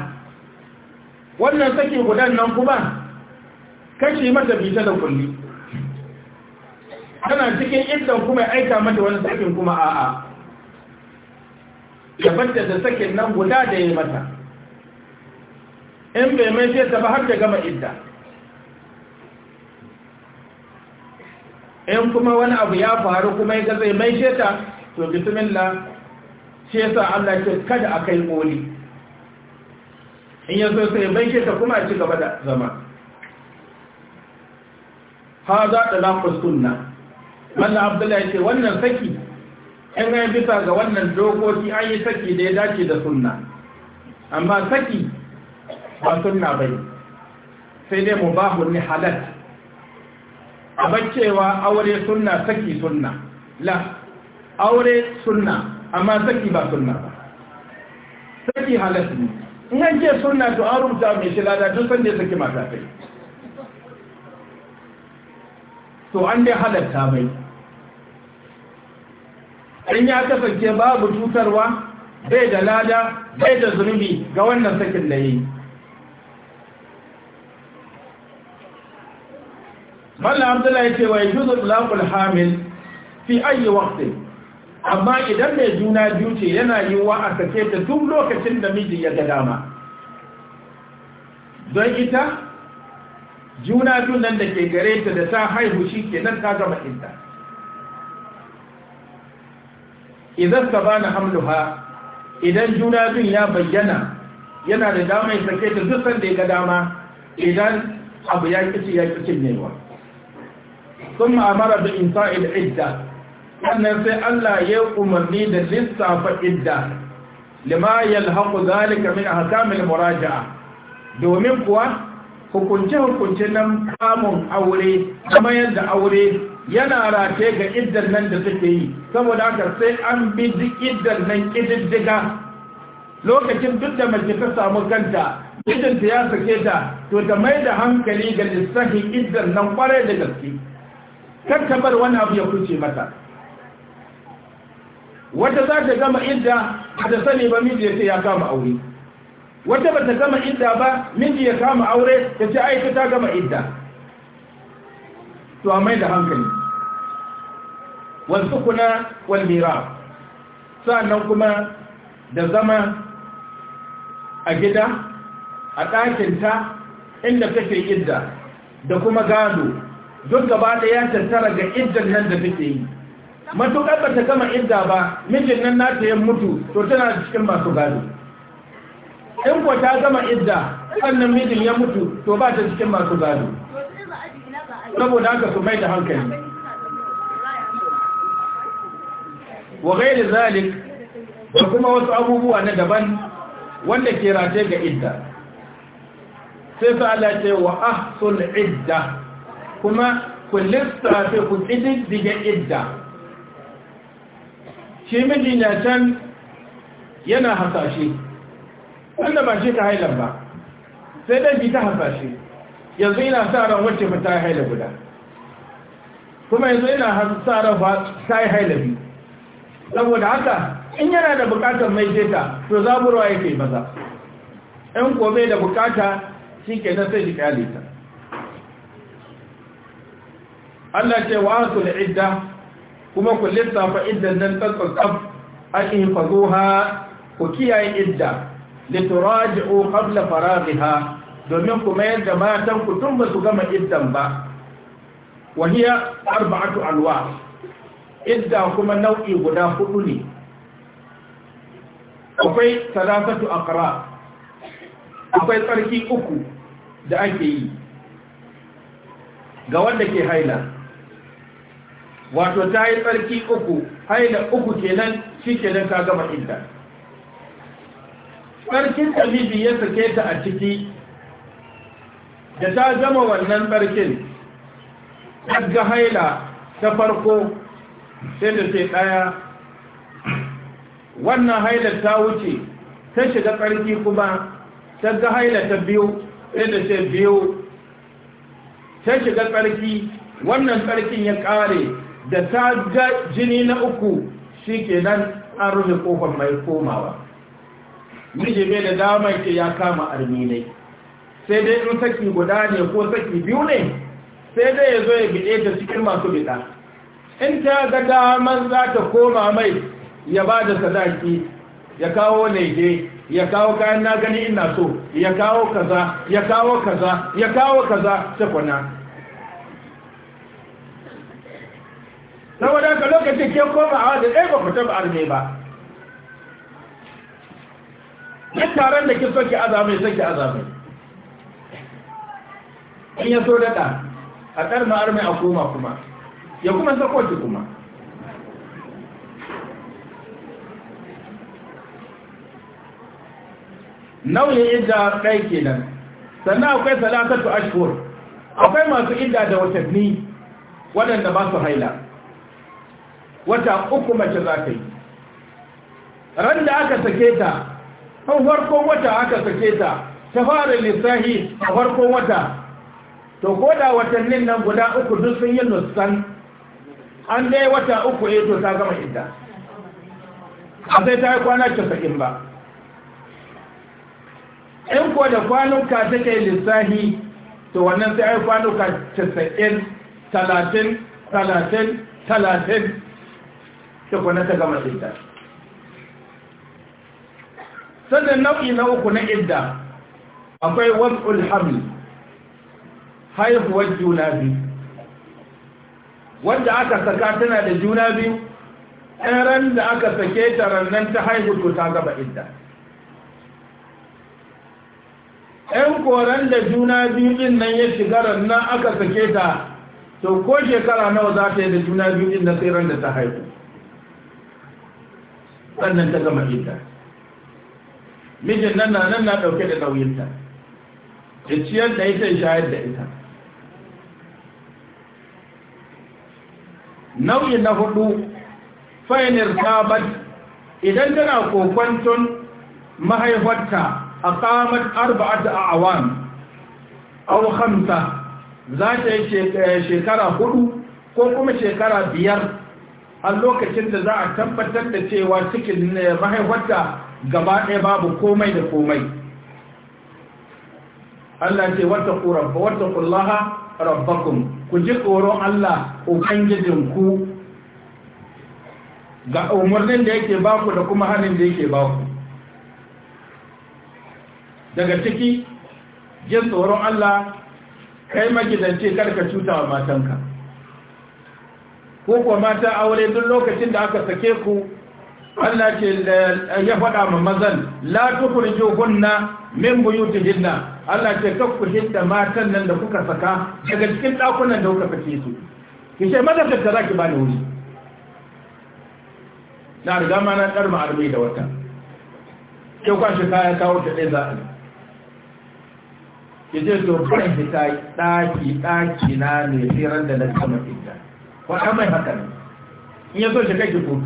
wannan saki guda nan kuma kashi mata bita da kulli tana cikin idan kuma ya aika mata wani sakin kuma a'a daban da sakin nan guda da ya mata in bai mai sai ta ba har ta gama idda in kuma wani abu ya faru kuma ya zai mai sheta to bismillah shi yasa Allah ce kada a kai koli in yaso sai mai sheta kuma a ci gaba da zama ha da ta lafa sunna wannan abdullahi ce wannan saki in ga bisa ga wannan dokoki an yi saki da ya dace da sunna amma saki ba sunna bai sai dai mubahun ni halal abin cewa aure sunna saki sunna la aure sunna amma saki ba sunna ba saki halatta ne in an ce sunna to an rubuta mai shi lada duk sanda ya saki mata kai to an dai halatta mai in ya kasance babu cutarwa bai da lada bai da zunubi ga wannan sakin da ya yi mallam ya ce wa yajuzu ilaqul hamil fi ayi waqti amma idan mai juna biyu ce yana wa a sake ta duk lokacin da miji ya ga dama don ita juna biyu nan da ke gare ta da ta haihu shi ke nan ta gama ita. idan ta bana hamluha idan juna biyu ya bayyana yana da damar sake ta duk sanda ya ga dama idan abu ya kici ya kicin wa sun ma'amara da insa'il idda sannan sai Allah ya umarni da lissafa idda lima yalhaqu zalika min ahkamil muraja'a domin kuwa hukunce hukunce nan kamun aure kuma yadda aure yana rataye ga iddan nan da suke yi saboda haka sai an bi iddan nan ƙididdiga. lokacin duk da mace ta samu kanta idanta ya sake ta to ta mai da hankali ga lissafin iddan nan kwarai da gaske kakka bar wani abu ya kuce mata wata za ta gama idda a ta sani ba miji ya ya kama aure wata ba ta gama idda ba miji ya kama aure ta ce aiki ta gama idda to a da hankali wasu kuna walmira sa'annan kuma da zama a gida a ɗakinta inda take idda da kuma gado duk gaba da ya tattara ga iddan nan da take yi matuƙar ba ta kama idda ba mijin nan nata yin mutu to tana cikin masu gado in ko ta gama idda sannan mijin ya mutu to ba ta cikin masu gado saboda haka su mai da hankali wa gairi zalik da kuma wasu abubuwa na daban wanda ke rataye ga idda sai su ala ce wa ahsul idda kuma ku lissafe ku ƙididdige idda shi miji na can yana hasashe wanda ba shi ta haila ba sai dai bi ta hasashe yanzu ina sa ran wacce ba ta haila guda kuma yanzu ina sa ran ba ta haila bi. saboda haka in yana da bukatar mai jeta to zaburwa yake maza in kome da bukata shi ke nan sai shi kyale ta Allah ce wa su da idda kuma ku lissafa iddan nan ta an yi fazuha ku kiyaye idda lituraji'u qabla faraghiha domin ku mayar da matan ku tun ba su gama iddan ba wa hiya arba'atu alwa idda kuma nau'i guda hudu ne akwai salatatu aqra akwai tsarki uku da ake yi ga wanda ke haila wato ta yi tsarki uku haila uku kenan shi kenan ka gama inda tsarkin da ya sake ta a ciki da ta gama wannan tsarkin ga haila ta farko sai da sai ɗaya wannan haila ta wuce ta shiga tsarki kuma ta ga haila ta biyu sai da sai biyu ta shiga tsarki wannan tsarkin ya ƙare da ta ga jini na uku shi ke nan an rufe kofar mai komawa miji bai da dama ke ya kama arminai sai dai in saki guda ne ko saki biyu ne sai dai ya zo ya bide ta cikin masu biɗa. in ta ga damar za ta koma mai ya ba da sadaki ya kawo lege ya kawo kayan na gani ina so ya kawo kaza ya kawo kaza ya kawo kaza ta kwana saboda ka lokacin ke koma a wajen ɗaya eh, ba ku taɓa arme ba duk taron da ke so ki azamai so ki azamai in ya so daɗa a ƙarfin arme a koma kuma ya kuma sako ki kuma nauyin kai ke kenan sannan akwai salatatu ashkur akwai masu inda da watanni waɗanda ba su haila wata uku mace za ta yi ran da aka sake ta kan farkon wata aka sake ta ta fara lissahi a farkon wata to ko da watannin nan guda uku duk sun yi nussan an dai wata uku ya eh, to ta gama idda a sai ta yi kwana casa'in ba in ko da kwanuka take lissahi to wannan sai ai kwanuka casa'in talatin talatin talatin tukuna ta gama sita sannan nau'i na uku na idda akwai wad'ul haml haihuwar juna biyu wanda aka saka tana da juna biyu ran da aka sake ta rannan ta haihu to ta gaba idda ‘yan koren da juna biyu ɗin nan ya shiga rannan aka sake ta to ko shekara nawa za ta yi da juna biyu ɗin na tseren da ta haihu sannan ta gama ita mijin nan na nan ɗauke da nauyinta da ciyar da ita shayar da ita Nau'i na hudu fainir tabat idan tana kokwanton mahaifarta a kamar arba'ata a awan au hamsa za ta yi shekara hudu ko kuma shekara biyar har lokacin da za a tabbatar da cewa cikin eh, mahaifarta gaba ɗaya babu komai da komai Allah ce wata ƙurabba wata ƙullaha rabbakun ku ji tsoron Allah ubangijinku ga umarnin da yake baku da kuma hannun da yake baku daga ciki jin tsoron Allah kai magidanci karka cuta wa matanka ko kuwa mata aure duk lokacin da aka sake ku Allah ce eh, ya faɗa ma mazan la tukhriju hunna min buyutihinna Allah ce kar ku hidda matan nan da kuka saka daga cikin ɗakunan da kuka sake su ki ce maza ta za ki bani wuri na riga ma na ma armi da wata ke kwashe kaya kawo ta ɗaya za'a ki ce to ban fita ɗaki ɗaki na ne tsiran da na kama ɗin faɗa mai haka ne in ya so shi kai kotu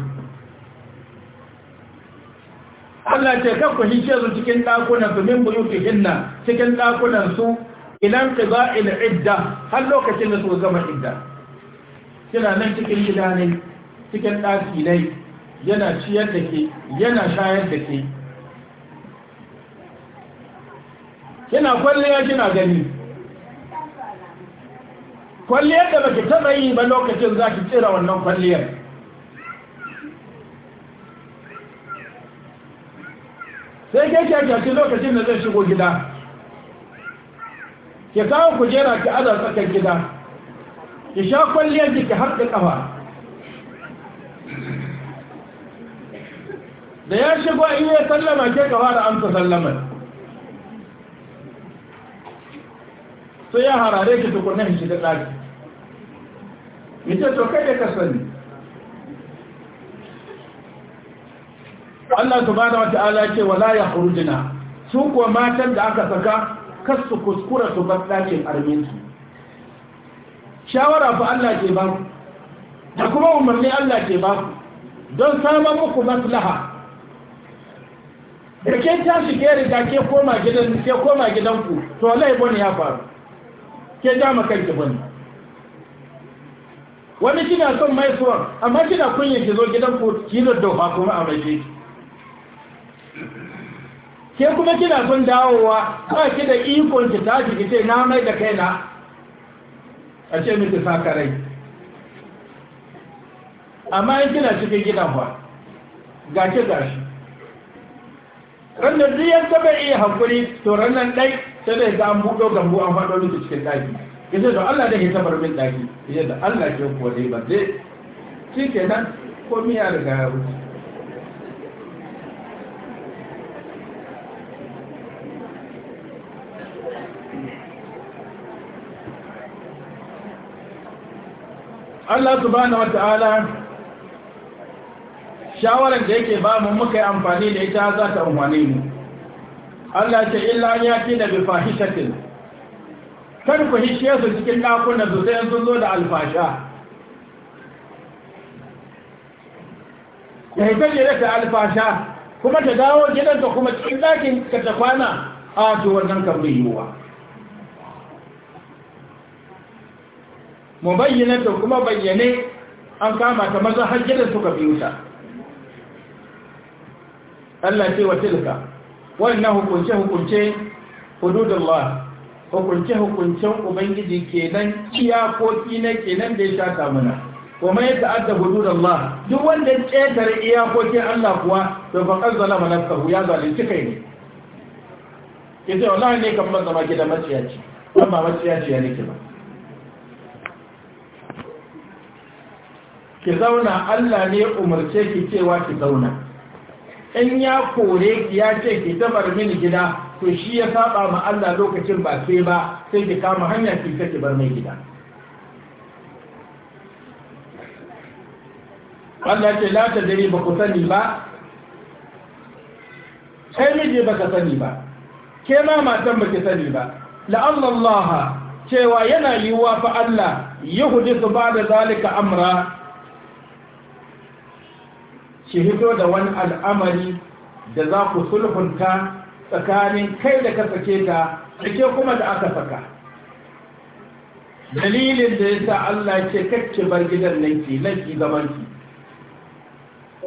Allah ce ka ku hin cikin ɗakunan su min buyu hinna cikin dakunan su ilan qiza idda har lokacin da su gama idda kina nan cikin gida ne cikin daki ne yana ciyar da ke yana shayar da ke kina kwalliya kina gani kwalliyar da baki taba yi ba lokacin za ki tsira wannan kwalliyar sai ke kyakyaci lokacin da zai shigo gida ki kawo kujera ki aza tsakar gida ki sha kwalliyar ki harɗe ƙafa da ya shigo in ya sallama ke gaba da amsa sallamar sai ya harare ki tukunan da ɗaki yace to kai ka sani Allah subhanahu wataala ce wala yakhrujna su kuwa matan da aka saka kasu su kuskura su bar armin su shawara fa Allah ke ba da kuma umarni Allah ke ba don samar muku maslaha da ke ta ke riga ke koma gidan ke koma gidanku to wallahi ya bane ya faru ke ja kanki bane wani kina son mai suwa amma kina kunya ki zo gidan ku da daddawa kuma a mai ke kuma kina son dawowa ba ki da ikon ki ta ki ce na mai da kaina a ce miki saka rai amma in kina cikin gidan ba gashi gashi ranar duk yadda bai iya hankuri to ranar ɗai ta da za an buɗo gambo an faɗo miki cikin ɗaki ce da Allah da ke tabar min daki yace da Allah ke kuwa dai ba dai shi ke nan ko miya riga ya wuce Allah subhanahu wata'ala shawarar da yake ba mu muka yi amfani da ita za ta amfani mu Allah ce illa ya ce da bi fahishatin kar ku hishe su cikin ɗakunan su sai sun zo da alfasha kai ta jere ta alfasha kuma ta dawo gidanta kuma cikin ɗakin ka ta kwana a to wannan kan bai yiwuwa mu bayyana ta kuma bayyane an kama ta maza har gidan suka biyu ta Allah ce wa tilka wannan hukunce hukunce hududullah hukunce-hukuncen ubangiji kenan iyakoki na kenan da ya shata mana kuma ya ta'adda da Allah duk wanda ƙetare iyakokin Allah kuwa to fa kan zalama nafsahu ya zalunci kai ne yace wallahi ne kan ban zama gidan maciyaci amma maciyaci ya nake ba ki zauna Allah ne umarce ki cewa ki zauna in ya kore ki ya ce ki tabar mini gida to shi ya saba ma Allah lokacin ba sai ba sai ki kama hanya ki take bar mai gida Allah ce la ta dare ba ku sani ba kai miji ba ka sani ba ke ma matan ba ki sani ba la'allallaha cewa yana yiwuwa fa Allah su ba da zalika amra shi hito da wani al'amari da za ku sulhunta tsakanin kai da ka sake ta da ke kuma da aka saka dalilin da ya sa Allah ce kacce bar gidan nan ki nan ki zaman ki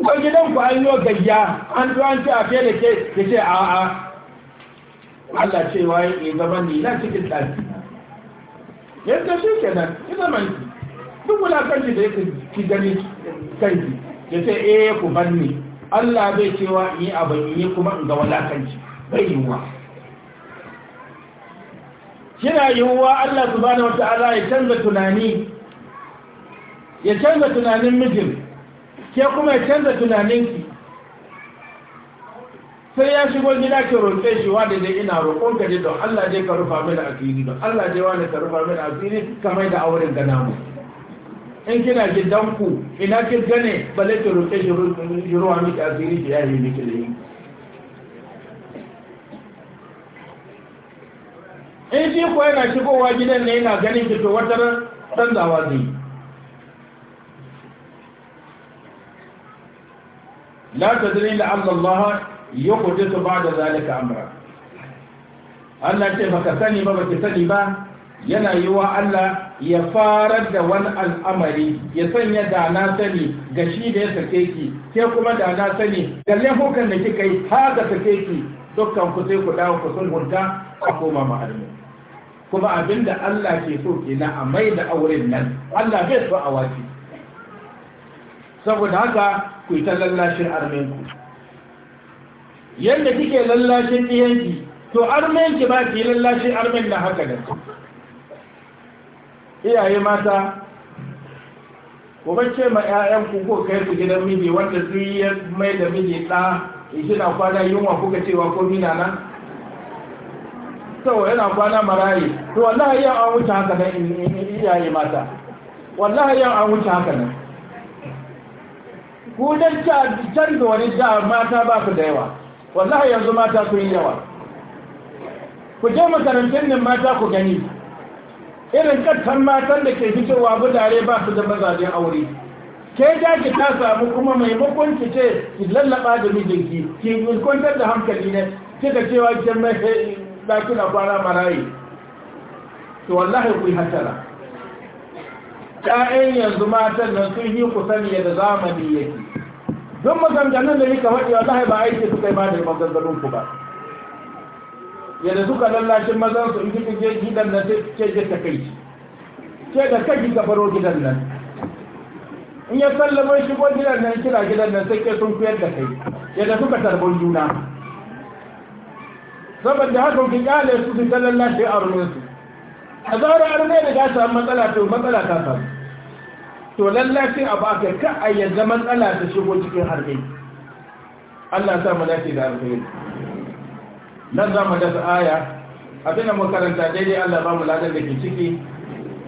ko gidan ku an yi gayya an zo an ci a fiye da ke ya ce a a Allah ce wa yi zaman ni na cikin ɗaki yadda shi ke nan ki zaman ki duk wulakanci da ya ki gani kanki ya ce eh ku ni. Allah bai cewa ni abin in yi kuma in ga wulakanci bai yiwuwa yana yiwuwa Allah subhanahu wata'ala ya canza tunani ya canza tunanin mijin ke kuma ya canza tunaninki sai ya shigo gida ke roƙe shi wa da dai ina roƙon ka don Allah dai ka rufa mini asiri don Allah dai wani ka rufa mini asiri kamar da auren gana mu in kina gidanku ina kin gane balle ki roƙe shi ruwa miki asiri ki yayi miki da yi in shi ko yana shigowa gidan ne yana ganin ki to wata canzawa zai la tadri la anna Allah ba ba'da zalika amra Allah ce baka sani ba baki sani ba yana yi wa Allah ya farar da wani al'amari ya sanya da na sani ga shi da ya sake ki ke kuma da na sani ga laifukan da kika yi haka sake ki dukkan ku sai ku dawo ku sulhunta a koma ma'armi kuma abinda Allah ke so kenan a mai da auren nan Allah bai so a wace saboda haka ku ta lallashin armenku yadda kike lallashin iyanki, to armenki ba ki lallashin armen na haka da iyaye mata ku ce ma 'ya'yanku ko kai su gidan miji wanda su yi mai da miji ɗa shi kwana yunwa kuka cewa ko mina nan sau yana kwana marayi to wallahi yan an wuce haka nan in iyaye mata wallahi yan an wuce haka nan ku dan ta can da wani da mata ba ku da yawa wallahi yanzu mata sun yawa ku je makarantun nan mata ku gani irin kattan matan da ke fitowa budare ba su da mazajen aure ke ki ta samu kuma maimakon ki ce ki lallaba da mijinki ki kwantar da hankali ne kika cewa ki mai ɗakuna fara marayi to wallahi ku yi hatara ƴaƴan yanzu matan nan sun yi kusaniya yadda zamani yake don maganganun da nika faɗi wallahi ba aiki suka yi ba da maganganun ku ba yadda suka lallashin mazan su yi kika gidan nan sai ce je ta kai ce da kaji ka faro gidan nan in ya sallama shigo gidan nan kira gidan nan sai ke sun kuyar da kai yadda suka tarbon juna saboda haka kun kyale su su tallan lafiya a ruwansu a zaura arme da ta samu matsala to matsala ta samu to lallafi a baka ka a yadda matsala ta shigo cikin harbe Allah sa mu dace da alkhairi nan za mu dasa aya abin da makaranta daidai Allah ba mu ladan da ke ciki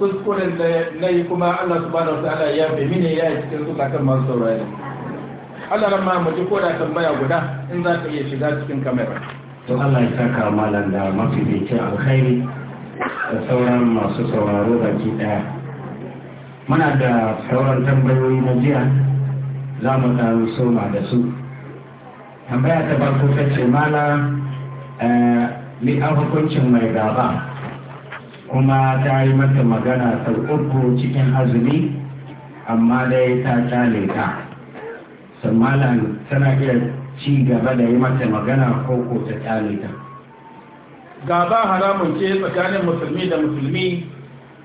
kuskuren da na yi kuma Allah subhanahu wataala ya fi mini ya yi cikin zukatan masu saurari Allah ramma mu ji koda tambaya guda in za ka iya shiga cikin kamera to Allah ya saka malam da mafi bincin alkhairi da sauran masu sauraro ke daya muna da sauran tambayoyi na jiya za mu karu soma da su tambaya ta farko ta ce mala ni eh, an hukuncin mai gaba kuma ta yi mata magana sau uku cikin azumi amma dai ta ta sannan tana iya ci gaba da yi mata magana ko ko ta kyale ta gaba haramun ce tsakanin musulmi da musulmi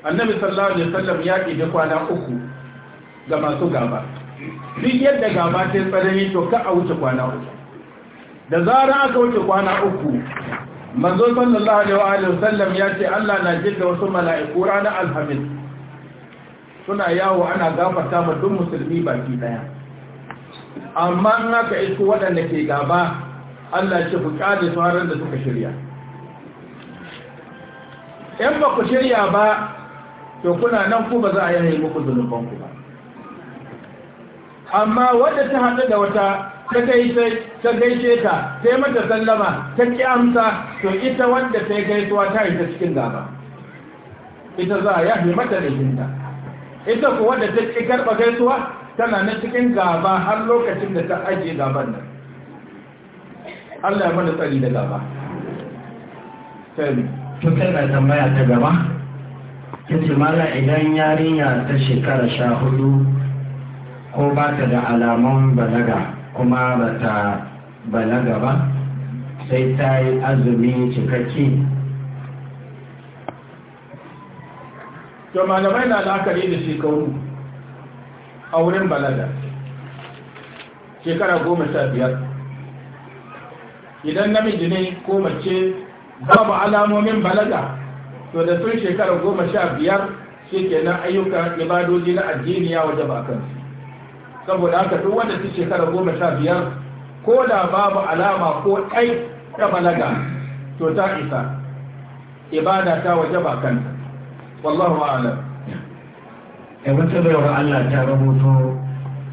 annabi sallallahu alaihi wasallam ya da kwana uku ga masu gaba duk yadda gaba ta tsareni to ka a wuce kwana uku da zara aka wuce kwana uku manzo sallallahu alaihi wasallam ya ce Allah na jidda wasu mala'iku ranar alhamis suna yawo ana gafarta ma duk musulmi baki daya amma in haka isko waɗanda ke gaba Allah ce ku kyale su harin da suka shirya in ba ku shirya ba to kuna nan ku ba za a yanayi muku zunubanku ba amma wadda ta haɗu da wata ta kai sai ta gaishe ta sai mata sallama ta ki amsa to ita wanda ta gaisuwa ta yi ta cikin gaba ita za a yafi mata da jinta ita ku da ta ki karɓa gaisuwa tana na cikin gaba har lokacin da ta ajiye gaban nan Allah ya mana tsari da gaba to tana tambaya ta gaba ta mala idan yarinya ta shekara sha hudu ko ba ta da alamun balaga kuma ba ta balaga ba sai ta yi azumi cikakke to malamai na la'akari da shekaru a wurin balaga shekara goma sha biyar idan namiji ne ko mace babu alamomin balaga to da sun shekara goma sha biyar shi kenan ayyuka ibadoji na addini ya waje ba kansu saboda haka duk wanda su shekara goma sha biyar ko da babu alama ko ɗai ta balaga to ta isa ibada ta waje ba kanta wallahu a'lam a wata baiwar Allah ta rubuto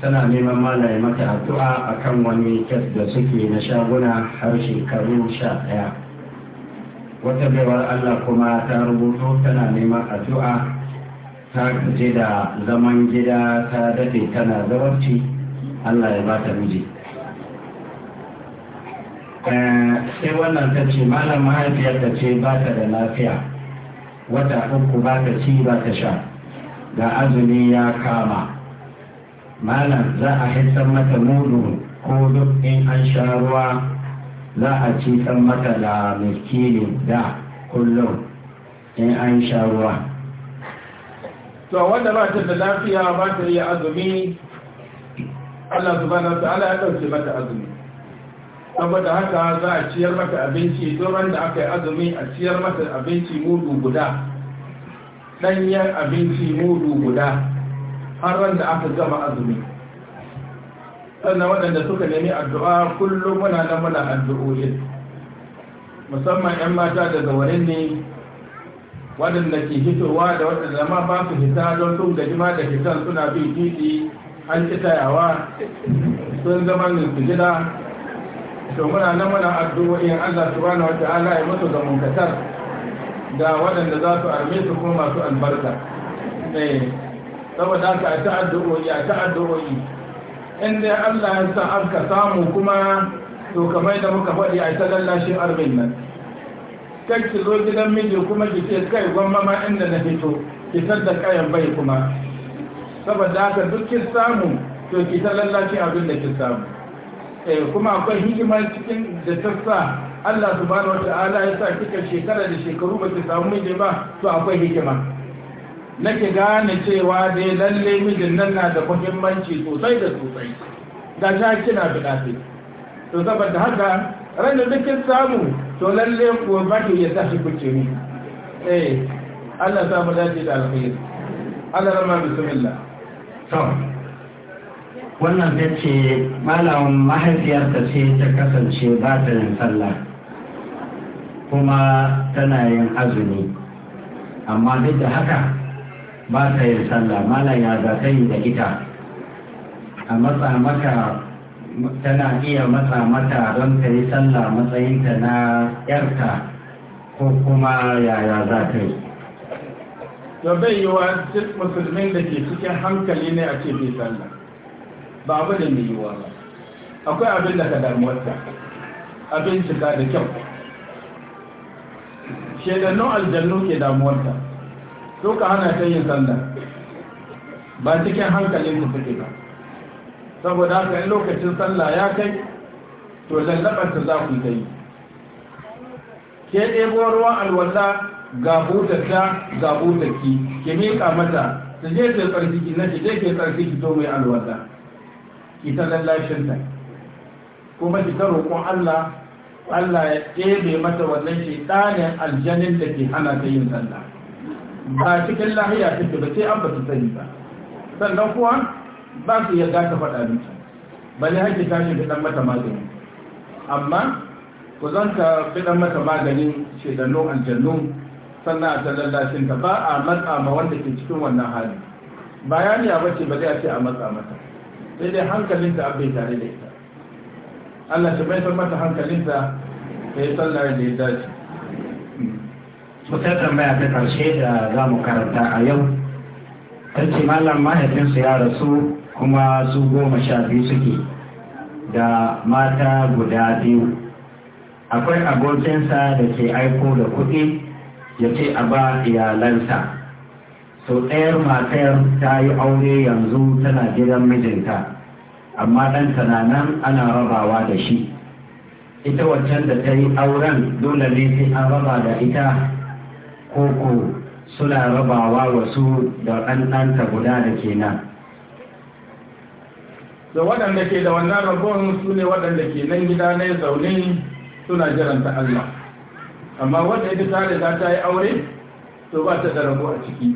tana neman malaye mata addu'a a kan wani kes da suke na shaguna har shekaru sha ɗaya wata baiwar Allah kuma ta rubuto tana neman addu'a ta gaje da zaman gida ta dade tana zawarci Allah ya bata miji eh, sai wannan ta ce malam mahaifiyar ta ce ba ta da lafiya wata uku ba ta ci ba ta sha ga azumi ya kama malam za a hitsar mata mudu ko duk in an sha ruwa za a ci san mata da miskini da kullum in an sha ruwa to wanda ba ta da lafiya ba ta yi azumi Allah subhanahu wa ta'ala ya dauke mata azumi saboda haka za a ciyar mata abinci domin da aka yi azumi a ciyar mata abinci mudu guda ɗanyen abinci mudu guda har wanda aka gama azumi sannan waɗanda suka nemi addu'a kullum muna na muna addu'o'in musamman 'yan mata daga wurin ne waɗanda ke hitowa da waɗanda ma ba su hita don sun gaji ma da hitan suna bin titi an kitayawa sun zama su gida to muna na muna addu'o'in allah subhanahu wa ta'ala ya musu ga munkatar ga waɗanda za su arme su kuma masu albarka eh, saboda haka a ta'addu'o'i a ta'addu'o'i in dai Allah ya sa an ka samu kuma to kamar da muka faɗi a ta lallashin armin nan kan ki zo gidan miji kuma ki ce kai gwamma ma inda na fito ki da kayan bai kuma saboda haka duk kin samu to ki ta lallashin abin da ki samu eh, kuma akwai hikima cikin da ta sa Allah subhanahu wata'ala ya sa kika shekara da shekaru ba ki samu miji ba to akwai hikima nake gane cewa dai lalle mijin nan na da muhimmanci sosai da sosai da ta kina bidafi to saboda haka ran da kin samu to lalle ko ba ki ya tashi kuce ni eh Allah ta mu dace da alkhairi Allah rama bismillah to wannan ta ce malamin mahaifiyarta ce ta kasance ba ta yin sallah kuma tana yin azumi amma duk da haka ba ta yin sallah malam ya za ta yi da ita a matsa mata tana iya matsa mata don ta yi sallah matsayinta na yarta ko kuma yaya za ta yi to bai yi wa musulmin da ke cikin hankali ne a ce bai sallah ba abu da mai yiwuwa ba akwai abin da ka wata abin cika da kyau shedannun aljannu ke damuwarta so ka hana ta yin sallah ba cikin hankalin ku suke ba saboda haka in lokacin sallah ya kai to lallabarta za ku ta yi ke ɗebo ruwan alwala ga butarta ga ki, ke miƙa mata ta je ke tsarki na ce je ke tsarki ki to mai alwala ki ta lallashinta kuma ki ta roƙon Allah Allah ya ɗebe mata wannan shaitanin aljanin da ke hana ta yin sallah ba cikin lahiya take ba sai an ba sani ba sannan kuwa ba su yarda ta faɗa miki ne hake ta shiga ɗan mata magani amma ku zan ka fi ɗan mata maganin shaidannu aljannu sannan a lashin ta ba a matsa ma wanda ke cikin wannan hali bayani a bace ba zai a ce a matsa mata sai dai hankalinta abin tare da ita Allah bai mai mata hankalinta ta yi sallar da ya dace. Mutar tambaya ta ƙarshe da za mu karanta a yau, ta ce malam mahaifinsu ya rasu kuma su goma sha biyu suke da mata guda biyu. Akwai abokinsa da ke aiko da kuɗi ya ce a ba iyalansa. Sau ɗayar matar ta yi aure yanzu tana gidan mijinta. amma ɗan nan ana rabawa da shi ita waccan da ta yi auren dole ne sai an raba da ita koko suna rabawa wasu da ɗanɗanta guda da ke nan da waɗanda ke da wannan rabon su ne waɗanda ke nan gida ne zaune suna jiranta Allah amma wanda ita ta riga ta yi aure to ba ta da rabo a ciki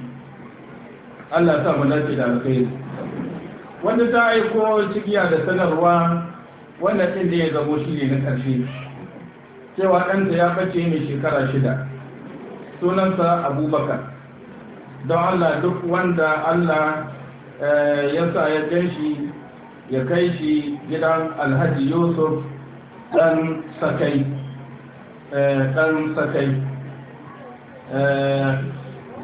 Allah sa mu dace da alkhairi wanda ta aiko cikiya da sanarwa wanda ɗin da ya zamo shi ne na ƙarshe cewa ɗanta ya ɓace mai shekara shida sunansa abubakar don allah duk wanda allah eh, ya sa ya gan shi ya kai shi gidan alhaji yusuf ɗan sakai eh, ɗan sakai eh,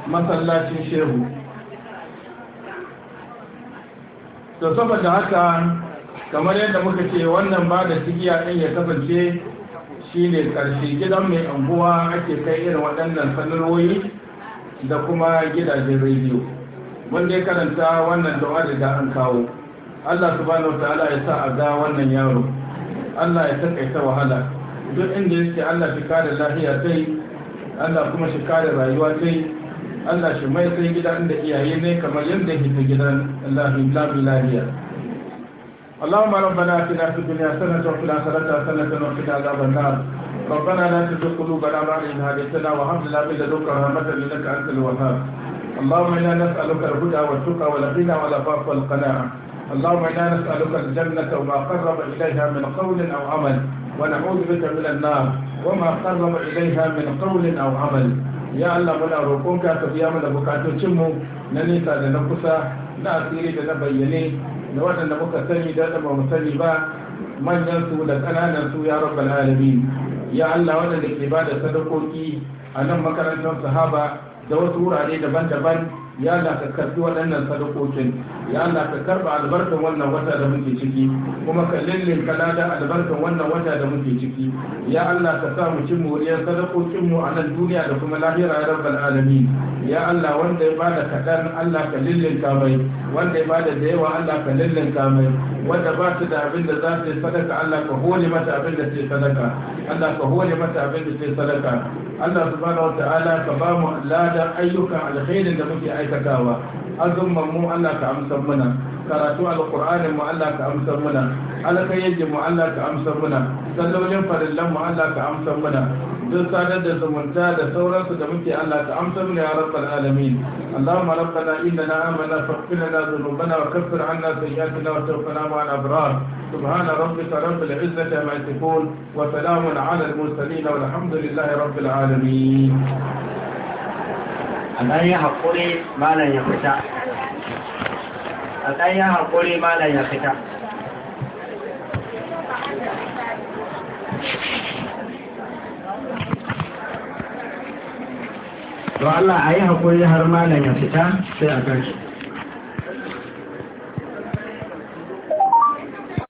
masallacin shehu to saboda haka kamar yadda muka ce wannan ba da cigiya ɗin ya kasance shi ne ƙarshe gidan mai anguwa ake kai irin waɗannan sanarwoyi da kuma gidajen rediyo mun dai karanta wannan da da an kawo allah su wa ta'ala ya sa a ga wannan yaro allah ya takaita wahala duk inda yake allah shi kare lafiya sai allah kuma shi kare rayuwa sai Allah shi mai sai gida inda iyaye ne kamar yadda hita gidan lafi lafiya اللهم ربنا اتنا في الدنيا سنة وفي الآخرة سنة وقنا عذاب النار ربنا لا تزغ قلوبنا بعد إذ هديتنا وهب لنا من لدنك رحمة إنك أنت الوهاب اللهم إنا نسألك الهدى والتقى والغنى والعفاف والقناعة اللهم إنا نسألك الجنة وما قرب إليها من قول أو عمل ونعوذ بك من النار وما قرب إليها من قول أو عمل ya Allah muna roƙonka ka biya mana bukatocinmu na nesa da na kusa na asiri da na bayyane da waɗanda muka sani da ba mu sani ba manyan su da ƙananan su ya rabbal alamin ya Allah waɗanda ke ba da sadakoki a nan makarantar sahaba da wasu wurare daban-daban ya Allah ka karbi waɗannan sadakokin ya Allah ka karba albarkan wannan wata da muke ciki kuma ka lillin kalada albarkan wannan wata da muke ciki ya Allah ka sa mu cin moriyar sadakokin mu a nan duniya da kuma lahira ya rabbal alamin ya Allah wanda ya bada kaɗan Allah ka lillin mai wanda ya bada da yawa Allah ka lillin mai wanda ba da abin da za ta yi sadaka Allah ka hole mata abin da ta sadaka Allah ka hole mata abin da ta sadaka Allah subhanahu wa ta'ala ka ba mu ladan ayyukan alkhairin da muke aiki aikatawa azumman mu Allah ka amsar mana karatu al'kur'ani mu Allah ka amsar mana al'kayyaji mu Allah ka amsar mana sallolin farillan mu Allah ka amsar mana duk sadar da zumunta da sauransu da muke Allah ta amsa mana ya rabbal alamin Allahumma rabbana innana amanna faghfir lana dhunubana wa kaffir 'anna sayyi'atina wa tawaffana ma'al abrar subhana rabbika rabbil 'izzati amma yasifun wa salamun 'alal mursalin walhamdulillahi rabbil alamin a malam ya fita to Allah a yi haƙuri har malam ya fita sai a gashi